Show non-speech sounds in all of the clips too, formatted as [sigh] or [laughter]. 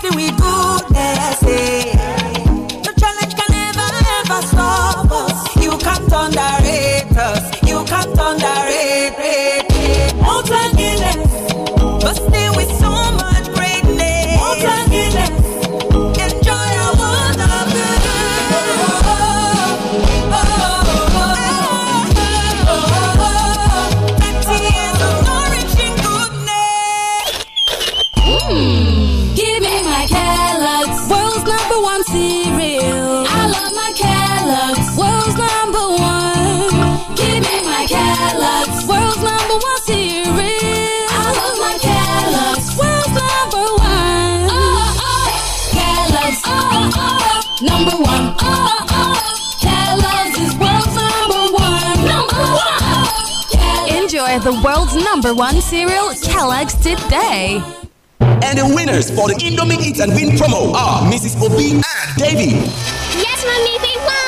swiftly with goodness. Eh? The challenge can never ever stop us. You can't underrate us. You can't underrate. the world's number one cereal, Kellogg's today. And the winners for the Indomie Eat and Win promo are Mrs. Obi and Davy. Yes, Mommy, we won!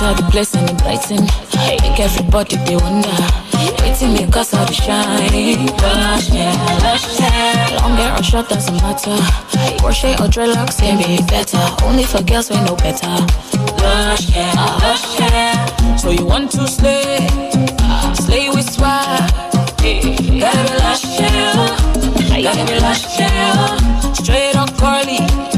cause all the blessing and brighten. Make everybody they wonder. Waiting me cause I'm the shine. Lush, yeah, lush, yeah. Long hair or short doesn't matter. Crochet or dreadlocks can be better. Only for girls we know better. Lush, yeah, lush, yeah. So you want to slay? Slay with swag. Gotta be lush, yeah. Gotta be lush, yeah. Straight or curly.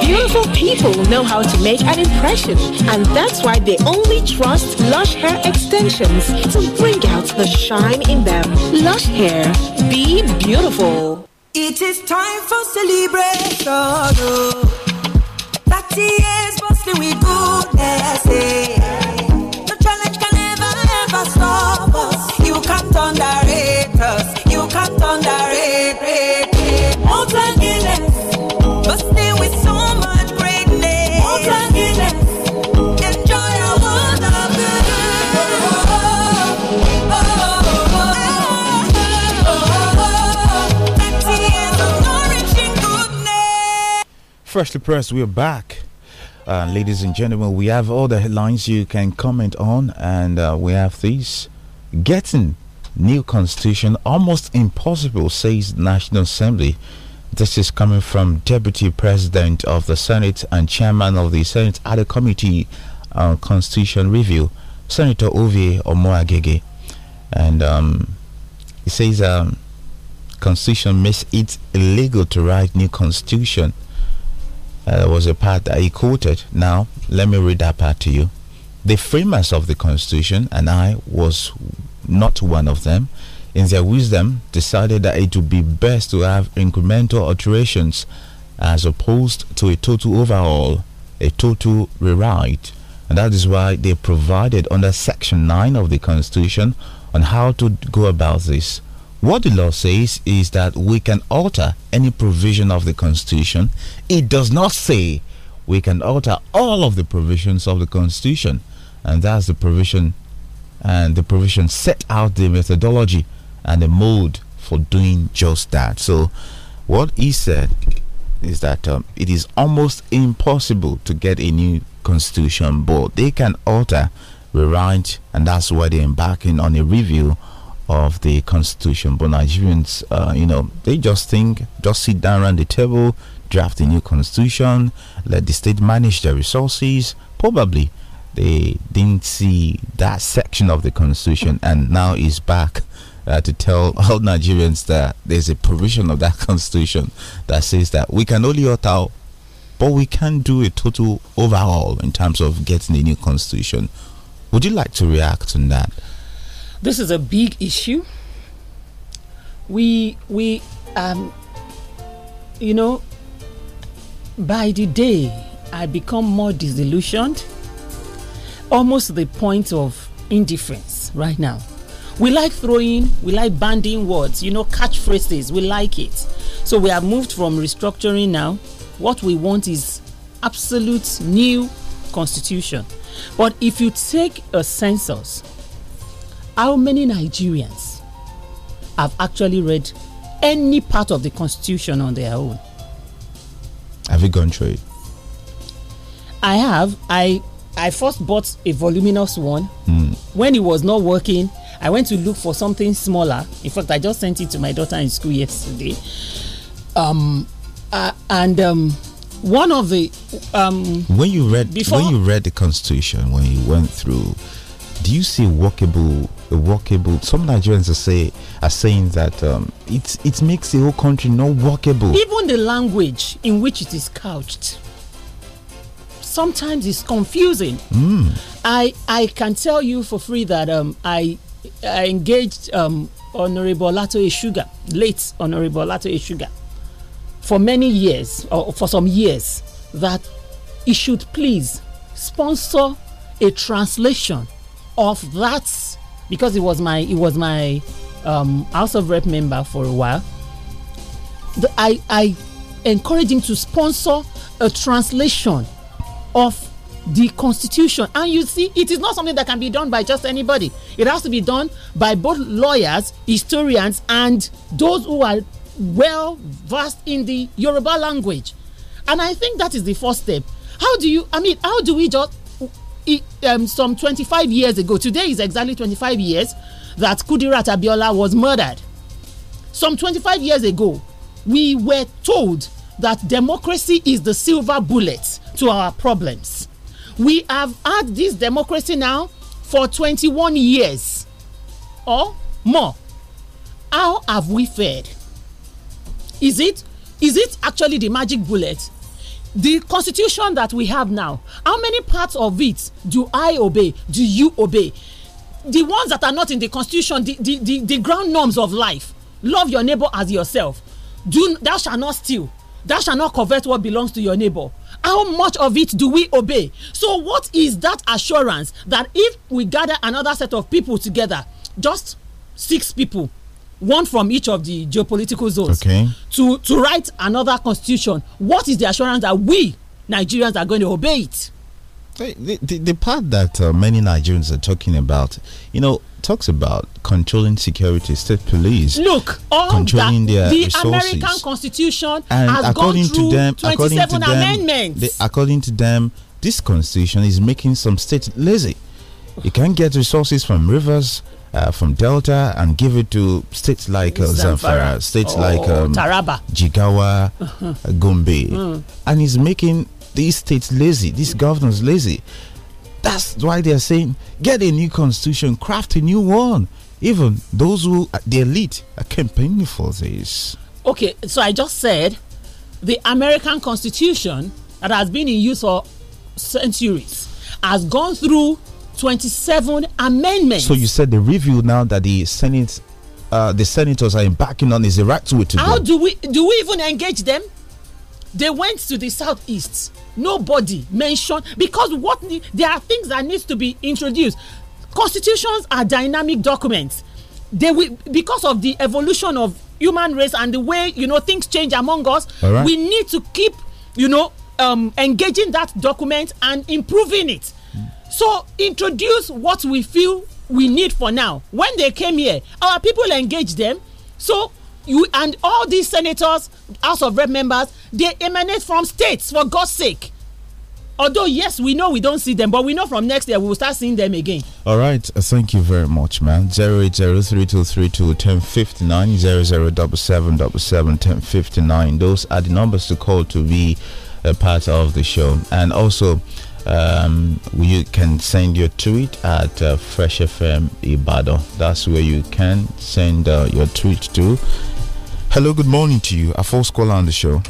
Beautiful people know how to make an impression, and that's why they only trust Lush Hair Extensions to bring out the shine in them. Lush Hair, be beautiful. It is time for celebration. 30 years bustling with goodness. Freshly pressed, we're back. Uh, ladies and gentlemen, we have all the headlines you can comment on, and uh, we have these. Getting new constitution almost impossible, says National Assembly. This is coming from Deputy President of the Senate and Chairman of the Senate Other Committee on Constitution Review, Senator Ovie Omoagege. And um, he says, um, Constitution makes it illegal to write new constitution uh, there was a part that he quoted. Now, let me read that part to you. The framers of the Constitution, and I was not one of them, in their wisdom decided that it would be best to have incremental alterations as opposed to a total overhaul, a total rewrite. And that is why they provided under Section 9 of the Constitution on how to go about this. What the law says is that we can alter any provision of the Constitution. It does not say we can alter all of the provisions of the Constitution, and that's the provision. And the provision set out the methodology and the mode for doing just that. So, what he said is that um, it is almost impossible to get a new constitution, but they can alter, rewrite, and that's why they're embarking on a review of the constitution. But Nigerians, uh, you know, they just think, just sit down around the table, draft a new constitution, let the state manage their resources. Probably they didn't see that section of the constitution and now is back. Uh, to tell [laughs] all Nigerians that there's a provision of that [laughs] constitution that says that we can only opt out, but we can do a total overhaul in terms of getting a new constitution. Would you like to react on that? This is a big issue. We, we, um, you know, by the day, I become more disillusioned, almost the point of indifference right now. We like throwing, we like banding words, you know, catchphrases, we like it. So we have moved from restructuring now. What we want is absolute new constitution. But if you take a census how many Nigerians have actually read any part of the constitution on their own? Have you gone through it? I have. I I first bought a voluminous one. Mm. When it was not working, I went to look for something smaller. In fact, I just sent it to my daughter in school yesterday. Um, uh, and um, one of the um, when you read before, when you read the Constitution, when you went through, do you see workable workable. Some Nigerians are say are saying that um, it it makes the whole country not workable. Even the language in which it is couched sometimes it's confusing. Mm. I I can tell you for free that um, I I engaged um, Honorable Lato Sugar, late Honorable Lato Sugar, for many years or for some years that he should please sponsor a translation of that because it was my it was my um, House of Rep member for a while. The, I I encouraged him to sponsor a translation of the constitution and you see it is not something that can be done by just anybody it has to be done by both lawyers historians and those who are well versed in the yoruba language and i think that is the first step how do you i mean how do we just um, some 25 years ago, today is exactly 25 years that Kudirat Abiola was murdered. Some 25 years ago, we were told that democracy is the silver bullet to our problems. We have had this democracy now for 21 years or more. How have we fared? Is it is it actually the magic bullet the constitution that we have now how many parts of it do i obey do you obey the ones that are not in the constitution the the the, the ground norms of life love your neighbor as yourself do thou shall not steal thou shall not covet what belongs to your neighbor how much of it do we obey so what is that assurance that if we gather another set of people together just six people one from each of the geopolitical zones okay. to to write another constitution what is the assurance that we nigerians are going to obey it the, the, the part that uh, many Nigerians are talking about, you know, talks about controlling security, state police. Look, all controlling their the resources. American Constitution and has according gone through to them, 27 according to amendments. Them, they, according to them, this constitution is making some states lazy. You can't get resources from rivers uh, from Delta and give it to states like uh, Zamfara, states oh, like um, Taraba, Jigawa, [laughs] uh, Gombe, mm. and he's making these states lazy, these governors lazy. That's why they are saying get a new constitution, craft a new one. Even those who uh, the elite are campaigning for this. Okay, so I just said the American Constitution that has been in use for centuries has gone through 27 amendments. So you said the review now that the Senate, uh, the senators are embarking on is the right way to How do we do we even engage them? They went to the southeast. Nobody mentioned because what there are things that needs to be introduced. Constitutions are dynamic documents. They will because of the evolution of human race and the way you know things change among us. Right. We need to keep you know um, engaging that document and improving it so introduce what we feel we need for now. When they came here, our people engaged them. So you and all these senators, House of Rep members, they emanate from states for God's sake. Although, yes, we know we don't see them, but we know from next year we will start seeing them again. All right. Uh, thank you very much, man. 08032321057771059. Those are the numbers to call to be a part of the show. And also, um, you can send your tweet at uh, Fresh FM Ibado. That's where you can send uh, your tweet to. Hello, good morning to you. A false caller on the show.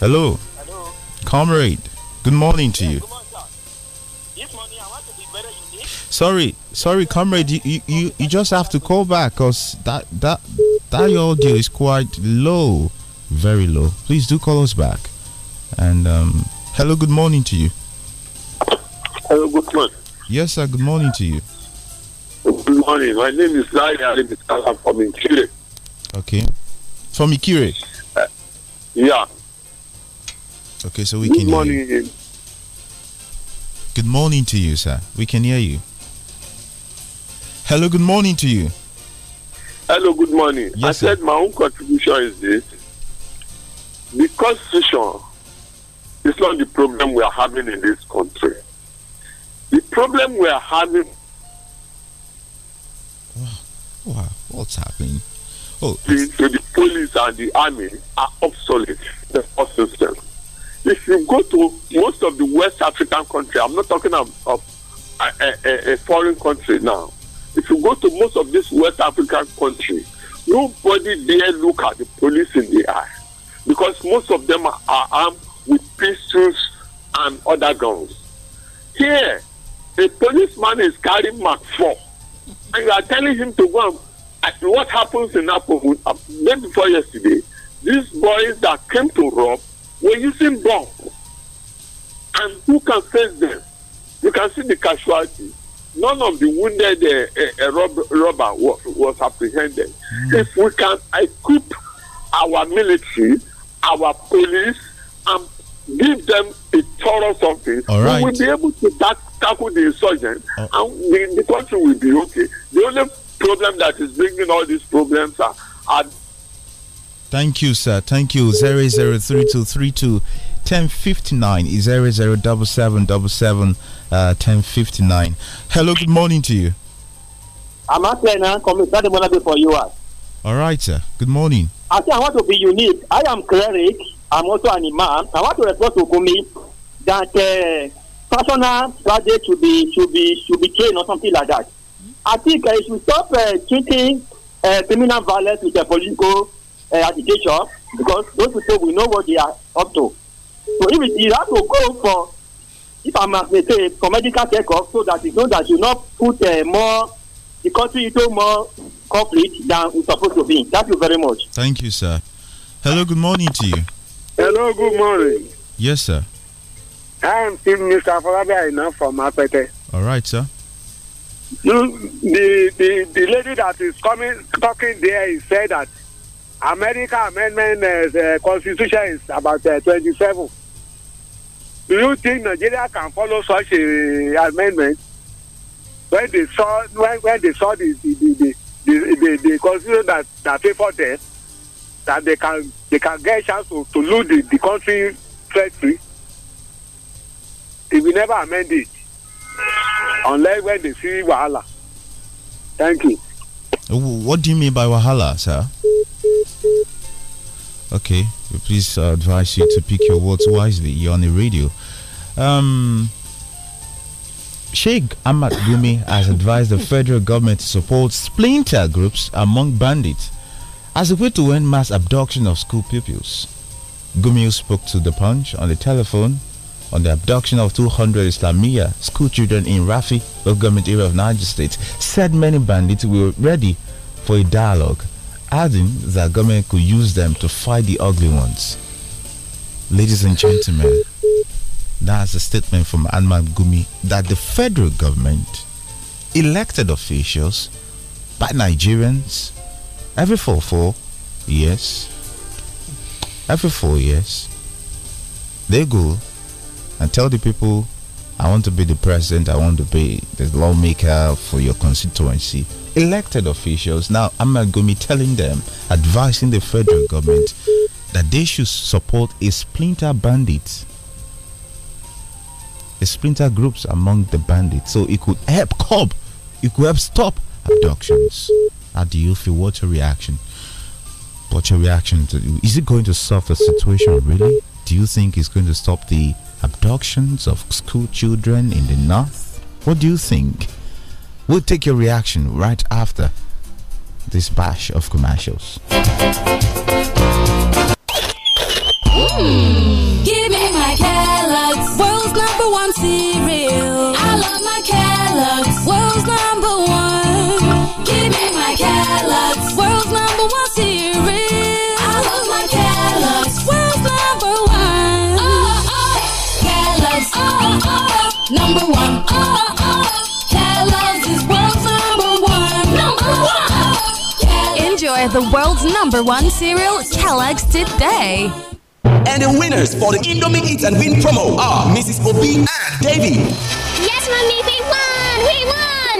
Hello. Hello. Comrade, good morning to yeah, you. Morning, to sorry, sorry, comrade. You, you, you, you just have to call back because that that that audio is quite low, very low. Please do call us back. And um, hello, good morning to you. Hello, good morning. Yes, sir. Good morning to you. Good morning. My name is Lai. I I'm from Ikire. Okay. From Ikire. Uh, yeah. Okay, so we good can. Good morning. Hear you. Good morning to you, sir. We can hear you. Hello, good morning to you. Hello, good morning. Yes, I sir. said my own contribution is this. The constitution it's not the problem we are having in this country. The problem we are having. Wow, wow. what's happening? Oh, the, so the police and the army are obsolete. The system. If you go to most of the West African countries, I'm not talking of, of a, a, a foreign country now. If you go to most of these West African countries, nobody there look at the police in the eye because most of them are armed with pistols and other guns. Here, a policeman is carrying Mark 4, and you are telling him to go and uh, what happens in Apple, uh, day before yesterday, these boys that came to rob were using bombs. And who can face them? You can see the casualty. None of the wounded uh, uh, rob robber was, was apprehended. Mm. If we can equip our military, our police, and give them a thorough something. All right. We will be able to back, tackle the insurgents uh, oh. and the, the, country will be okay. The only problem that is bringing all these problems are. are Thank you, sir. Thank you. 003232 1059 is 00777 1059. Uh, Hello, good morning to you. I'm asking now, Commissioner Demola, for you ah. All right, sir. Good morning. I think I want to be unique. I am cleric. I'm also an imam. I want to respond to Gumi that uh, personal graduates should be should be should be trained or something like that. I think uh, if we stop uh, treating uh, criminal violence with a political uh, agitation, because those people we know what they are up to. So if you have to go for, if I must uh, say, for medical checkup, so that you know that you not put uh, more the country into more conflict than it's supposed to be. Thank you very much. Thank you, sir. Hello, good morning to you. Hello, good morning. Yes, sir. I am Chief Mr. Falabi Aina from Apete. All right, sir. You, the, the, the lady that is coming talking there is said that America Amendment uh, Constitution is about uh, 27. Do you think Nigeria can follow such an amendment? When they saw when, when they saw the the the the, the, the constitution that that favored them, that they can they can get chance to, to lose the, the country treasury if we never amend it unless when they see wahala thank you. what do you mean by wahala sir. okay please uh, advise you to pick your words wisely you're on the radio. Um, Sheikh Ahmad Gumi has advised the federal government to support splinter groups among bandits as a way to end mass abduction of school pupils, Gumil spoke to The Punch on the telephone on the abduction of 200 Islamia school children in Rafi, the government area of Niger State, said many bandits were ready for a dialogue, adding that government could use them to fight the ugly ones. Ladies and gentlemen, that's a statement from Anman Gumi that the federal government, elected officials, by Nigerians, Every four four, yes. Every four years, they go and tell the people, I want to be the president, I want to be the lawmaker for your constituency. Elected officials. Now, I'm going to be telling them, advising the federal government that they should support a splinter bandit. A splinter groups among the bandits so it could help curb, it could help stop abductions. How do you feel? What's your reaction? What's your reaction to? Is it going to solve the situation really? Do you think it's going to stop the abductions of school children in the north? What do you think? We'll take your reaction right after this bash of commercials. Mm. Give me my Kellogg's, world's number one cereal. the world's number one cereal, Kellogg's today. And the winners for the Indomie Eat and Win promo are Mrs. Obi and Davy. Yes, Mommy, we won! We won!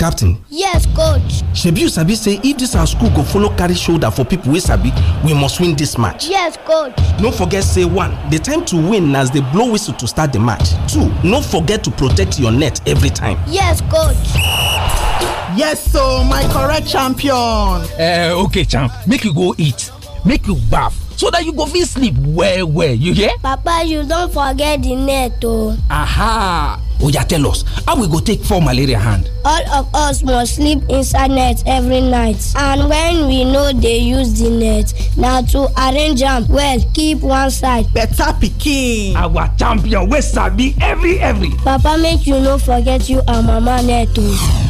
captain yes coach shebi you sabi say if dis our school go follow carry shoulder for pipo wey sabi we must win dis match yes coach no forget say one di time to win na as dey blow whistle to start di match two no forget to protect your net every time yes coach yes so my correct champion Uh, okay champ make you go eat make you baff so that you go fit sleep well well you hear papa you don forget the net o oh. aha oya oh, tell us how we go take fall malaria hand. all of us must sleep inside net every night and when we no dey use the net na to arrange am well keep one side. better pikin. our champion wey sabi every every. papa make you no forget you and mama net o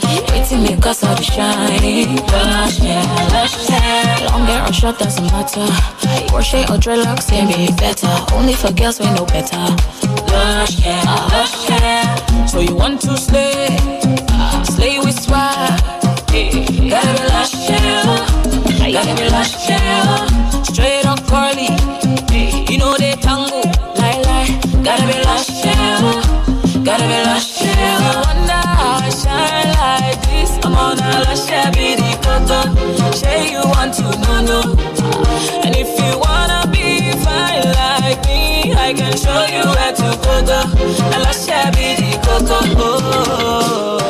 Waiting me cause all the shine Lush yeah, lush yeah Long hair or short doesn't matter Crochet or dreadlocks can be better Only for girls we know better Lush yeah, lush yeah So you want to slay uh, Slay with swag Gotta be lush yeah Gotta be lush yeah Straight or curly You know they tango Lie, lie Gotta be lush yeah Gotta be lush yeah di kótó. you want to know no? And if you wanna be fine like me, I can show you where to go di kótó.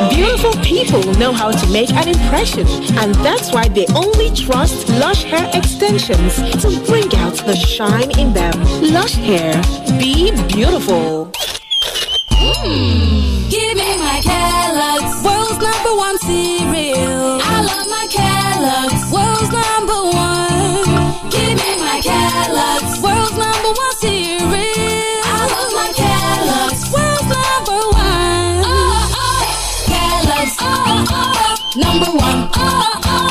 Beautiful people know how to make an impression, and that's why they only trust Lush Hair Extensions to bring out the shine in them. Lush Hair, be beautiful. Mm. Give me my color on cereal. I love my Kellogg's, world's number one. Give me my Kellogg's, world's number one cereal. I love my Kellogg's, world's number one. Oh, oh. Kellogg's, oh, oh, oh number one. Oh, oh, oh.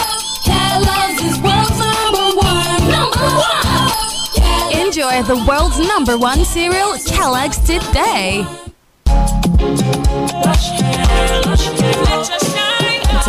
Kellogg's is world's number one. Number one. Enjoy the world's number one cereal, Kellogg's, today. Lush hair, lush hair,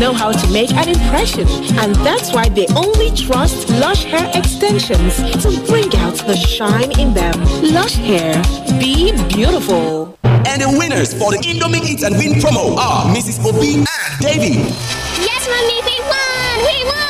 know how to make an impression, and that's why they only trust Lush Hair Extensions to bring out the shine in them. Lush Hair, be beautiful. And the winners for the Indomie Eat and Win promo are Mrs. Obi and Davy. Yes, mommy, we won! We won!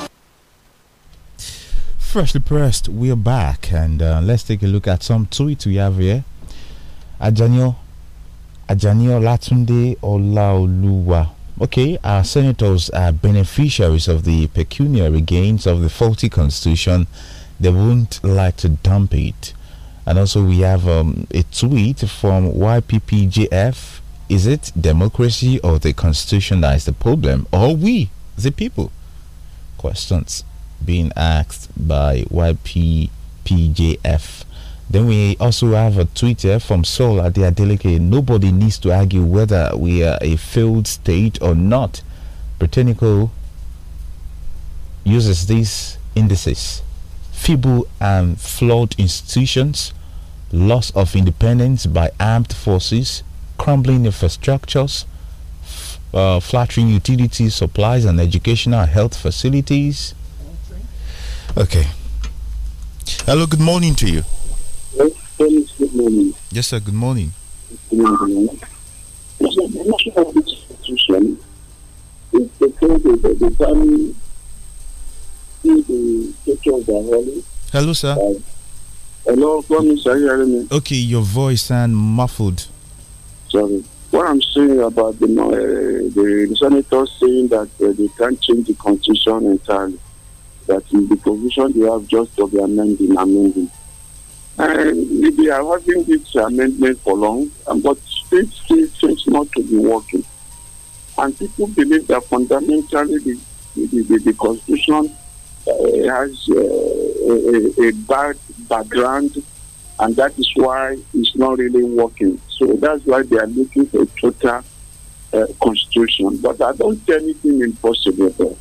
Freshly pressed, we are back, and uh, let's take a look at some tweets we have here. Ajanio, Ajanio Latunde Olaoluwa. Okay, our senators are beneficiaries of the pecuniary gains of the faulty constitution. They wouldn't like to dump it. And also, we have um, a tweet from YPPJF. Is it democracy or the constitution that is the problem, or we, the people? Questions being asked by YPPJF. Then we also have a tweet here from Saul Adeleke. Nobody needs to argue whether we are a failed state or not. Britannical uses these indices feeble and flawed institutions, loss of independence by armed forces, crumbling infrastructures, uh, flattering utility supplies and educational health facilities, Okay. Hello, good morning to you. Yes, good morning. Yes, sir, good morning. Good morning. Yes, sir, institution is the that the family the picture of the holy. Hello, sir. Uh, hello, Kwame, sir, you me? Okay, your voice sound muffled. Sorry. What I'm saying about the, uh, the, the senator saying that uh, they can't change the constitution entirely. That in the position they have just of the amending, amending. And they are having this amendment for long, but it still seems not to be working. And people believe that fundamentally the, the, the, the Constitution uh, has uh, a, a bad background, and that is why it's not really working. So that's why they are looking for a total uh, constitution. But I don't see anything impossible there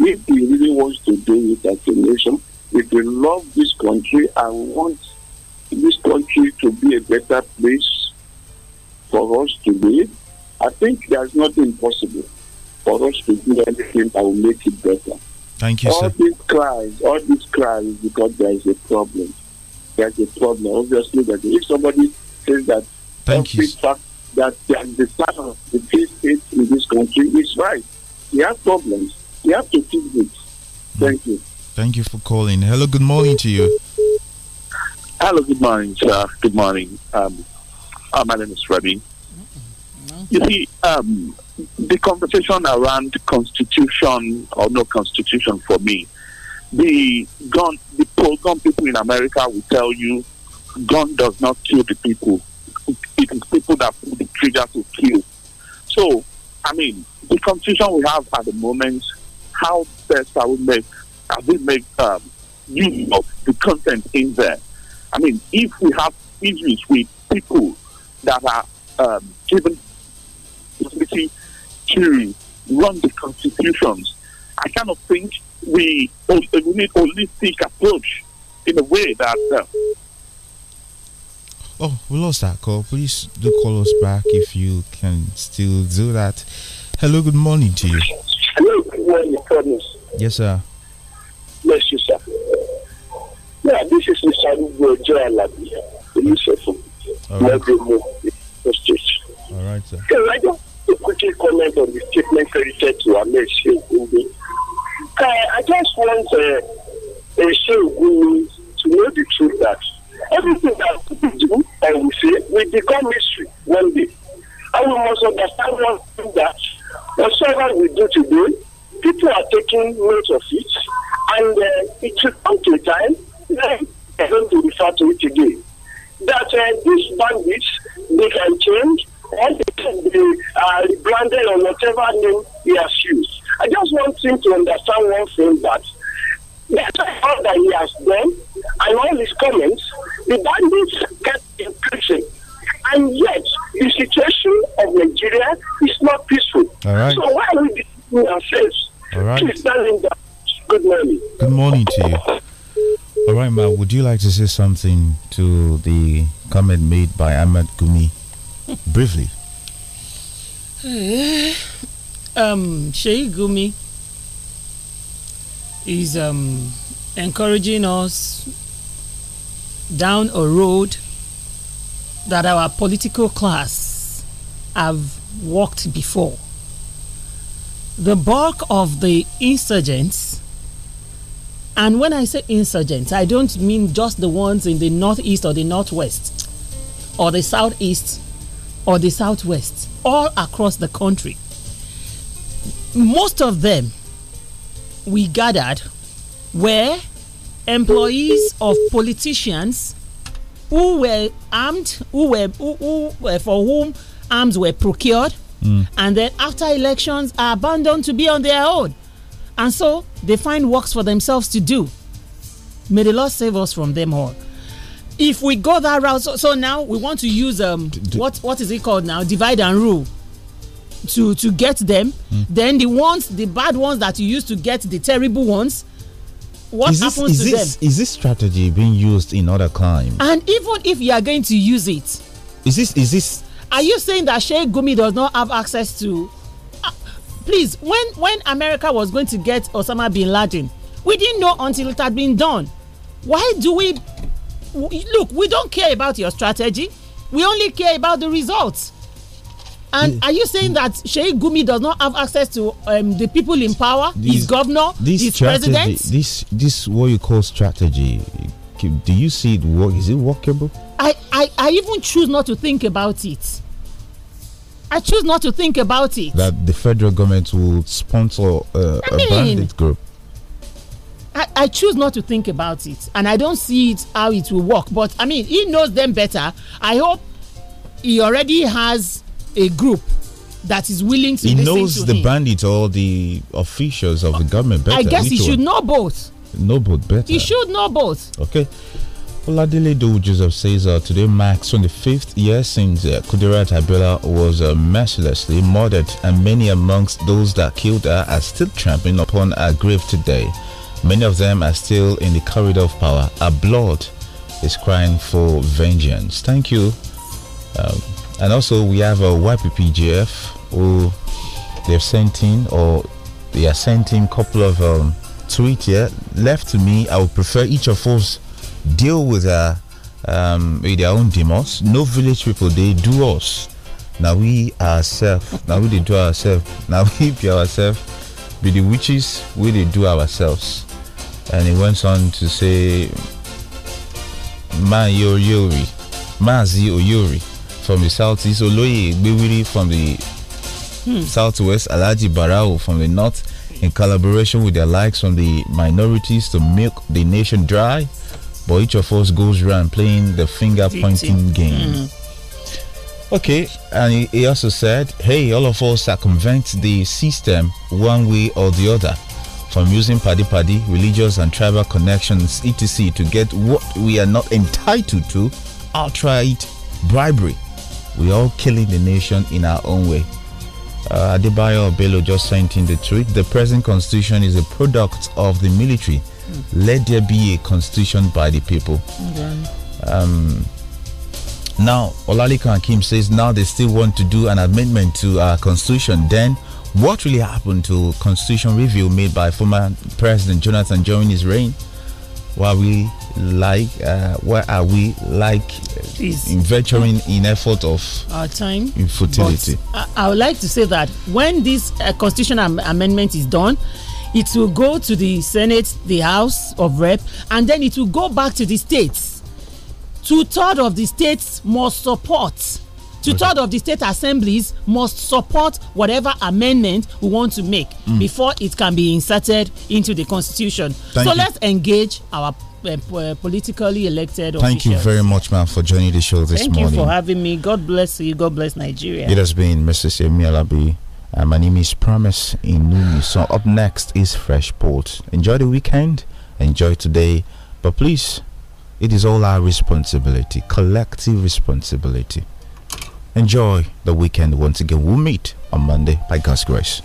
if we really want to do it as a nation, if we love this country and want this country to be a better place for us to live, I think there's nothing possible for us to do anything that will make it better. Thank you, all sir. These cries, all these cries, because there is a problem. There's a problem. Obviously, that if somebody says that Thank you. Fact that the, the, the state in this country is right, we have problems you have to fix it. Thank you. Thank you for calling. Hello, good morning to you. Hello, good morning, sir. Good morning. Um, uh, my name is Rabbi. You see, um, the conversation around constitution or no constitution for me, the gun, the pro gun people in America will tell you, gun does not kill the people. It is people that pull the trigger to kill. So, I mean, the constitution we have at the moment how best I will make, I will make um, use of the content in there. I mean, if we have issues with people that are um, given possibility to run the constitutions, I kind of think we, we need holistic approach in a way that. Uh, Oh, we lost that call. Please do call us back if you can still do that. Hello, good morning to you. Hello when promise. Yes, sir. Bless you, sir. Yeah, this is Mr. Ugo Joalabi, the Lucifer, Lebrimo, All right, sir. Can I just quickly comment on the statement credited to Ahmed Sheikh I just want uh, a you to know the truth that everything that we do and we say will become history one day. And we must understand one thing that whatever we do today, people are taking note of it, and uh, it will come to a time when they going to refer to it again. That uh, these bandits, they can change, or they can be uh, rebranded or whatever name he has used. I just want him to understand one thing that that's all that he has done and all his comments, the bandits kept in prison. And yet, the situation of Nigeria is not peaceful. So why are we all right. Please Good morning. Good morning to you. All right, Ma, would you like to say something to the comment made by Ahmed Gumi briefly? Eh, um, Sheikh Gumi is um, encouraging us down a road that our political class have walked before the bulk of the insurgents, and when I say insurgents, I don't mean just the ones in the northeast or the northwest or the southeast or the southwest, all across the country. Most of them we gathered were employees of politicians who were armed, who were, who, who, for whom arms were procured Mm. and then after elections are abandoned to be on their own. And so they find works for themselves to do. May the Lord save us from them all. If we go that route, so, so now we want to use um what what is it called now? Divide and rule to to get them. Mm. Then the ones, the bad ones that you use to get the terrible ones, what is this, happens is to this, them? Is this strategy being used in other climes? And even if you are going to use it, is this is this are you saying that Sheikh Gumi does not have access to? Uh, please, when when America was going to get Osama bin Laden, we didn't know until it had been done. Why do we? Look, we don't care about your strategy. We only care about the results. And are you saying that Sheikh Gumi does not have access to um, the people in power, this, his governor, this his strategy, president? This, this what you call strategy. Do you see it work? Is it workable? I, I, I even choose not to think about it. I choose not to think about it. That the federal government will sponsor uh, I mean, a bandit group. I, I, choose not to think about it, and I don't see it how it will work. But I mean, he knows them better. I hope he already has a group that is willing to. He knows the him. bandit or the officials of the government better. I guess he should know both. Know both better. He should know both. Okay. Oladile Do Joseph says uh, today marks 25th year since uh, Kudera Tabela was uh, mercilessly murdered, and many amongst those that killed her are still trampling upon her grave today. Many of them are still in the corridor of power. Her blood is crying for vengeance. Thank you. Um, and also, we have a YPPGF who they've sent in, or they are sending a couple of um, tweets here. Left to me, I would prefer each of us deal with their um, with their own demons. No village people they do us. Now we ourselves. Now we they do ourselves. Now [laughs] we be ourselves. Be the witches. We they do ourselves. And he went on to say, Man Yori, Mazi Oyori from the southeast, Oloye Gbewiri from the hmm. southwest, Alaji Barao from the north, in collaboration with their likes from the minorities to milk the nation dry but each of us goes around playing the finger pointing game. Mm. Okay, and he also said, hey, all of us circumvent the system one way or the other from using paddy paddy, religious and tribal connections, etc., to get what we are not entitled to outright bribery. We are all killing the nation in our own way. Uh, Adebayo Bello just sent in the tweet the present constitution is a product of the military let there be a constitution by the people. Okay. Um, now, Olalika Kim says now they still want to do an amendment to our constitution. Then, what really happened to constitution review made by former President Jonathan during his reign? Why we like? Uh, why are we like Please. in venturing in effort of our time infertility? I, I, would like to say that when this uh, constitutional amendment is done it will go to the senate the house of rep and then it will go back to the states two-thirds of the states must support two-thirds of the state assemblies must support whatever amendment we want to make mm. before it can be inserted into the constitution Thank so you. let's engage our eh, eh, politically elected Thank officials. you very much, ma'am, for joining the show this Thank morning. Thank you for having me. God bless you. God bless Nigeria. It has been Mrs. Yemi Alabi, uh, my name is Promise Inumi. So up next is Fresh Port. Enjoy the weekend, enjoy today, but please, it is all our responsibility, collective responsibility. Enjoy the weekend once again. We'll meet on Monday by God's grace.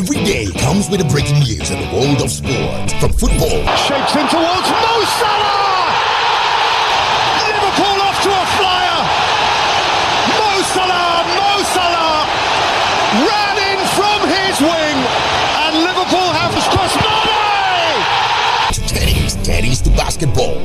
Every day comes with the breaking news in the world of sport. From football, shapes in towards Mo Salah. Liverpool off to a flyer. Mo Salah, Mo Salah ran in from his wing, and Liverpool have crossed Mane. To tennis, tennis to basketball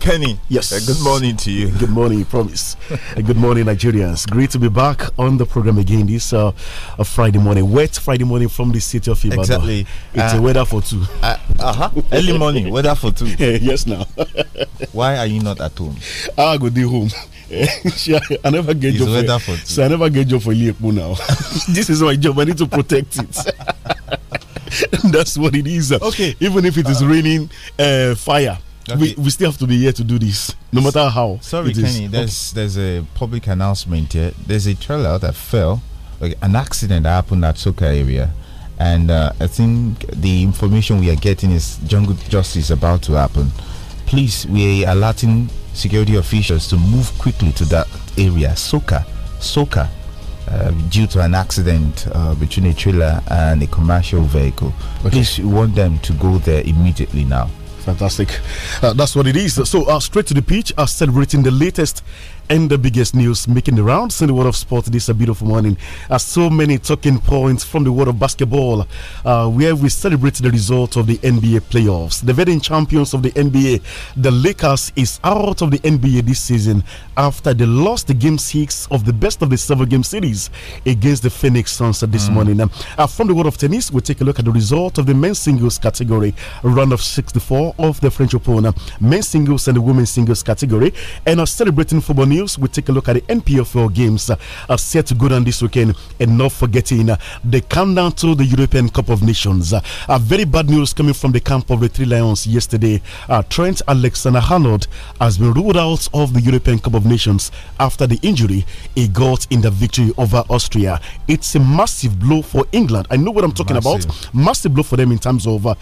Kenny. Yes. Uh, good morning to you. Good morning, promise. uh, good morning, Nigerians. Great to be back on the program again this uh, Friday morning. Wet Friday morning from the city of Ibadan. Exactly. It's a uh, weather for two. Uh, huh Early morning, weather for two. [laughs] yes, now. Why are you not at home? Ah, [laughs] I go to home. I never get it's job. Weather for, for two. So I never get job for Liepo now. [laughs] this is my job. I need to protect it. That's what it is. Okay. Even if it is uh, raining, uh, fire Okay. We, we still have to be here to do this, no matter how. Sorry, Kenny. There's okay. there's a public announcement here. There's a trailer that fell, an accident that happened at Soka area, and uh, I think the information we are getting is jungle justice about to happen. Please, we are alerting security officials to move quickly to that area, Soka, Soka, uh, due to an accident uh, between a trailer and a commercial vehicle. Okay. Please want them to go there immediately now fantastic. Uh, that's what it is. So, uh, straight to the pitch, uh, celebrating the latest and the biggest news making the rounds in the world of sports this is a beautiful morning. Uh, so many talking points from the world of basketball, uh, where we celebrate the result of the NBA playoffs. The veteran champions of the NBA, the Lakers, is out of the NBA this season after they lost the game six of the best of the seven game series against the Phoenix Suns this mm. morning. Um, uh, from the world of tennis, we will take a look at the result of the men's singles category, round of 64 of the French Open, men's singles and the women's singles category, and are celebrating football news news, we take a look at the NPFL games uh, set to go down this weekend, and not forgetting uh, the countdown to the European Cup of Nations. Uh, uh, very bad news coming from the camp of the Three Lions yesterday. Uh, Trent Alexander Arnold has been ruled out of the European Cup of Nations after the injury he got in the victory over Austria. It's a massive blow for England. I know what I'm talking massive. about. Massive blow for them in terms of uh,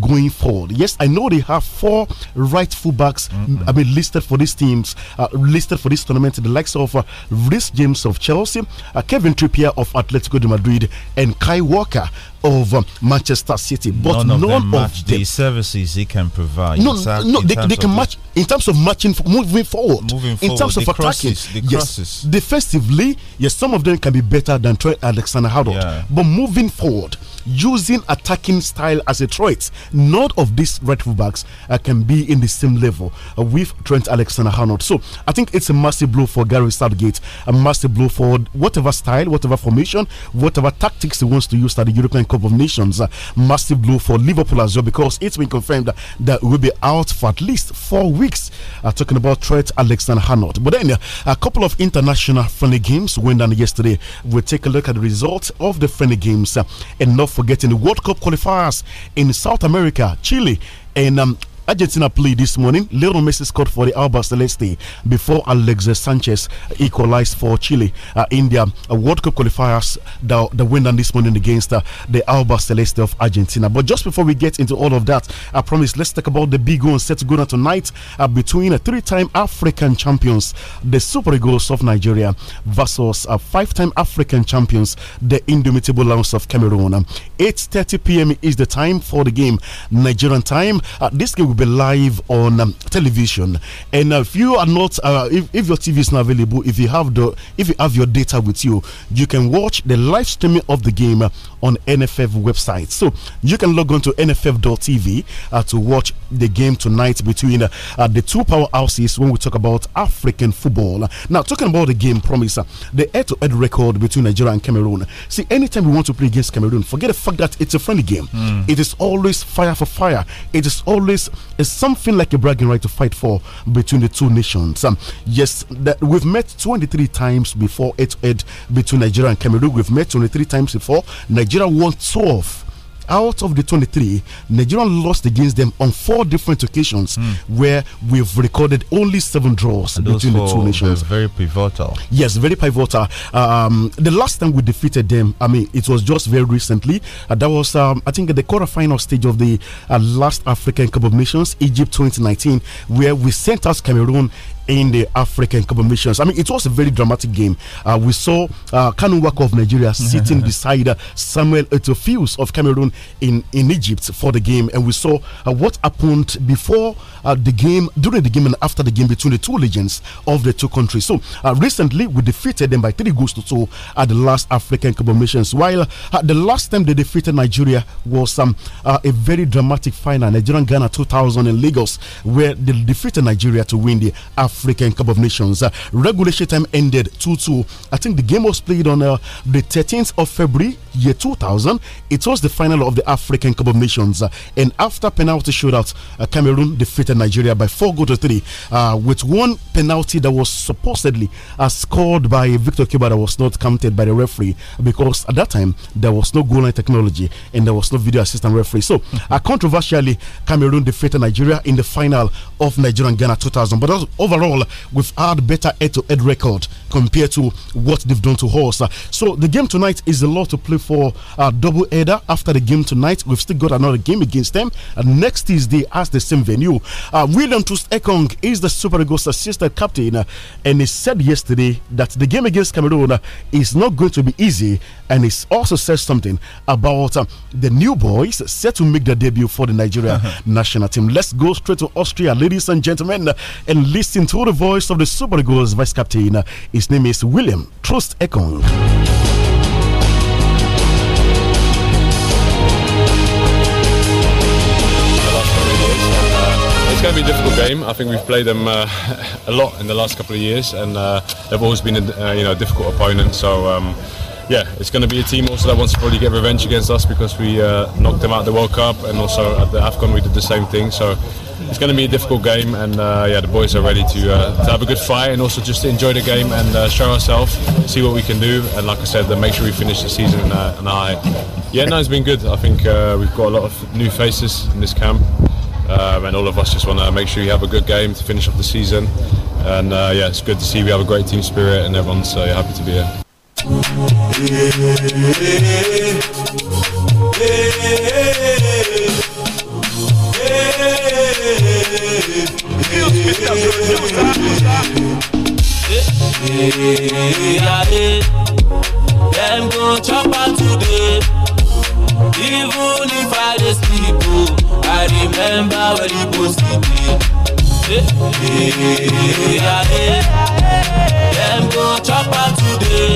going forward. Yes, I know they have four right fullbacks. Mm -mm. I mean, listed for these teams, uh, listed for this this tournament, the likes of uh, Rhys James of Chelsea, uh, Kevin Trippier of Atletico de Madrid, and Kai Walker of um, Manchester City, but none, of, none match of the services he can provide. No, no, they, they can match in terms of matching, moving forward, moving forward, in terms of crosses, attacking. yes, defensively, yes, some of them can be better than Troy Alexander Howard. yeah. but moving forward, using attacking style as a threat. None of these red fullbacks uh, can be in the same level uh, with Trent Alexander-Arnold. So I think it's a massive blow for Gary Southgate, a massive blow for whatever style, whatever formation, whatever tactics he wants to use at the European Cup of Nations. Uh, massive blow for Liverpool as well because it's been confirmed that, we will be out for at least four weeks. Uh, talking about Trent Alexander-Arnold, but then uh, a couple of international friendly games went on yesterday. We'll take a look at the results of the friendly games. Uh, enough forgetting the World Cup qualifiers in South America, Chile, and um, Argentina played this morning. Lionel Messi scored for the Alba Celeste before Alexis Sanchez equalized for Chile. Uh, India uh, World Cup qualifiers, the, the winner this morning against uh, the Alba Celeste of Argentina. But just before we get into all of that, I promise let's talk about the big one set to go down tonight uh, between uh, three time African champions, the Super Eagles of Nigeria, versus uh, five time African champions, the Indomitable Lions of Cameroon. 8:30 p.m. is the time for the game, Nigerian time. Uh, this game will be live on um, television. And uh, if you are not, uh, if, if your TV is not available, if you have the, if you have your data with you, you can watch the live streaming of the game uh, on NFF website. So you can log on to NFF.tv uh, to watch the game tonight between uh, the two powerhouses when we talk about African football. Now, talking about the game, promise uh, the head to head record between Nigeria and Cameroon. See, anytime we want to play against Cameroon, forget the fact that it's a friendly game. Mm. It is always fire for fire. It is always is something like a bragging right to fight for between the two nations. Um, yes, that we've met 23 times before head to head between Nigeria and Cameroon. We've met 23 times before. Nigeria won 12 out of the 23, Nigeria lost against them on four different occasions mm. where we've recorded only seven draws and between the two nations. Very pivotal. Yes, very pivotal. Um, the last time we defeated them, I mean, it was just very recently. Uh, that was, um, I think, at the quarterfinal stage of the uh, last African Cup of Nations, Egypt 2019, where we sent out Cameroon in the African Cup of Nations. I mean, it was a very dramatic game. Uh, we saw uh, Kanu Waka of Nigeria [laughs] sitting beside uh, Samuel Etofius of Cameroon in, in Egypt for the game, and we saw uh, what happened before uh, the game, during the game, and after the game between the two legends of the two countries. So uh, recently, we defeated them by three goals to two at the last African Cup of Nations. While uh, the last time they defeated Nigeria was um, a very dramatic final, Nigerian Ghana 2000 in Lagos, where they defeated Nigeria to win the African African Cup of Nations. Uh, regulation time ended 2 2. I think the game was played on uh, the 13th of February, year 2000. It was the final of the African Cup of Nations. Uh, and after penalty shootout, Cameroon defeated Nigeria by 4 goals to 3 with one penalty that was supposedly scored by Victor Kiba that was not counted by the referee because at that time there was no goal line technology and there was no video assistant referee. So, uh, controversially, Cameroon defeated Nigeria in the final of Nigeria and Ghana 2000. But overall, overall, we've had better head-to-head record compared to what they've done to us. so the game tonight is a lot to play for. Uh, double header after the game tonight, we've still got another game against them. And next Tuesday at the same venue. Uh, William Trust Ekong is the Super Eagles assistant captain, uh, and he said yesterday that the game against Cameroon uh, is not going to be easy. And he also said something about uh, the new boys set to make their debut for the Nigeria uh-huh. national team. Let's go straight to Austria, ladies and gentlemen, uh, and listen to the voice of the Super Eagles vice captain. His name is William Trust Ekong. It's going to be a difficult game. I think we've played them uh, [laughs] a lot in the last couple of years, and uh, they've always been a uh, you know difficult opponent. So. Um, yeah, it's going to be a team also that wants to probably get revenge against us because we uh, knocked them out the World Cup and also at the AFCON we did the same thing. So it's going to be a difficult game, and uh, yeah, the boys are ready to, uh, to have a good fight and also just enjoy the game and uh, show ourselves, see what we can do, and like I said, make sure we finish the season in a, high. Yeah, no, it's been good. I think uh, we've got a lot of new faces in this camp, uh, and all of us just want to make sure we have a good game to finish off the season. And uh, yeah, it's good to see we have a great team spirit, and everyone's happy to be here. Dem go chop am today. Even if I dey sleep, oh, remember when you go sleep. Dem go chop am today.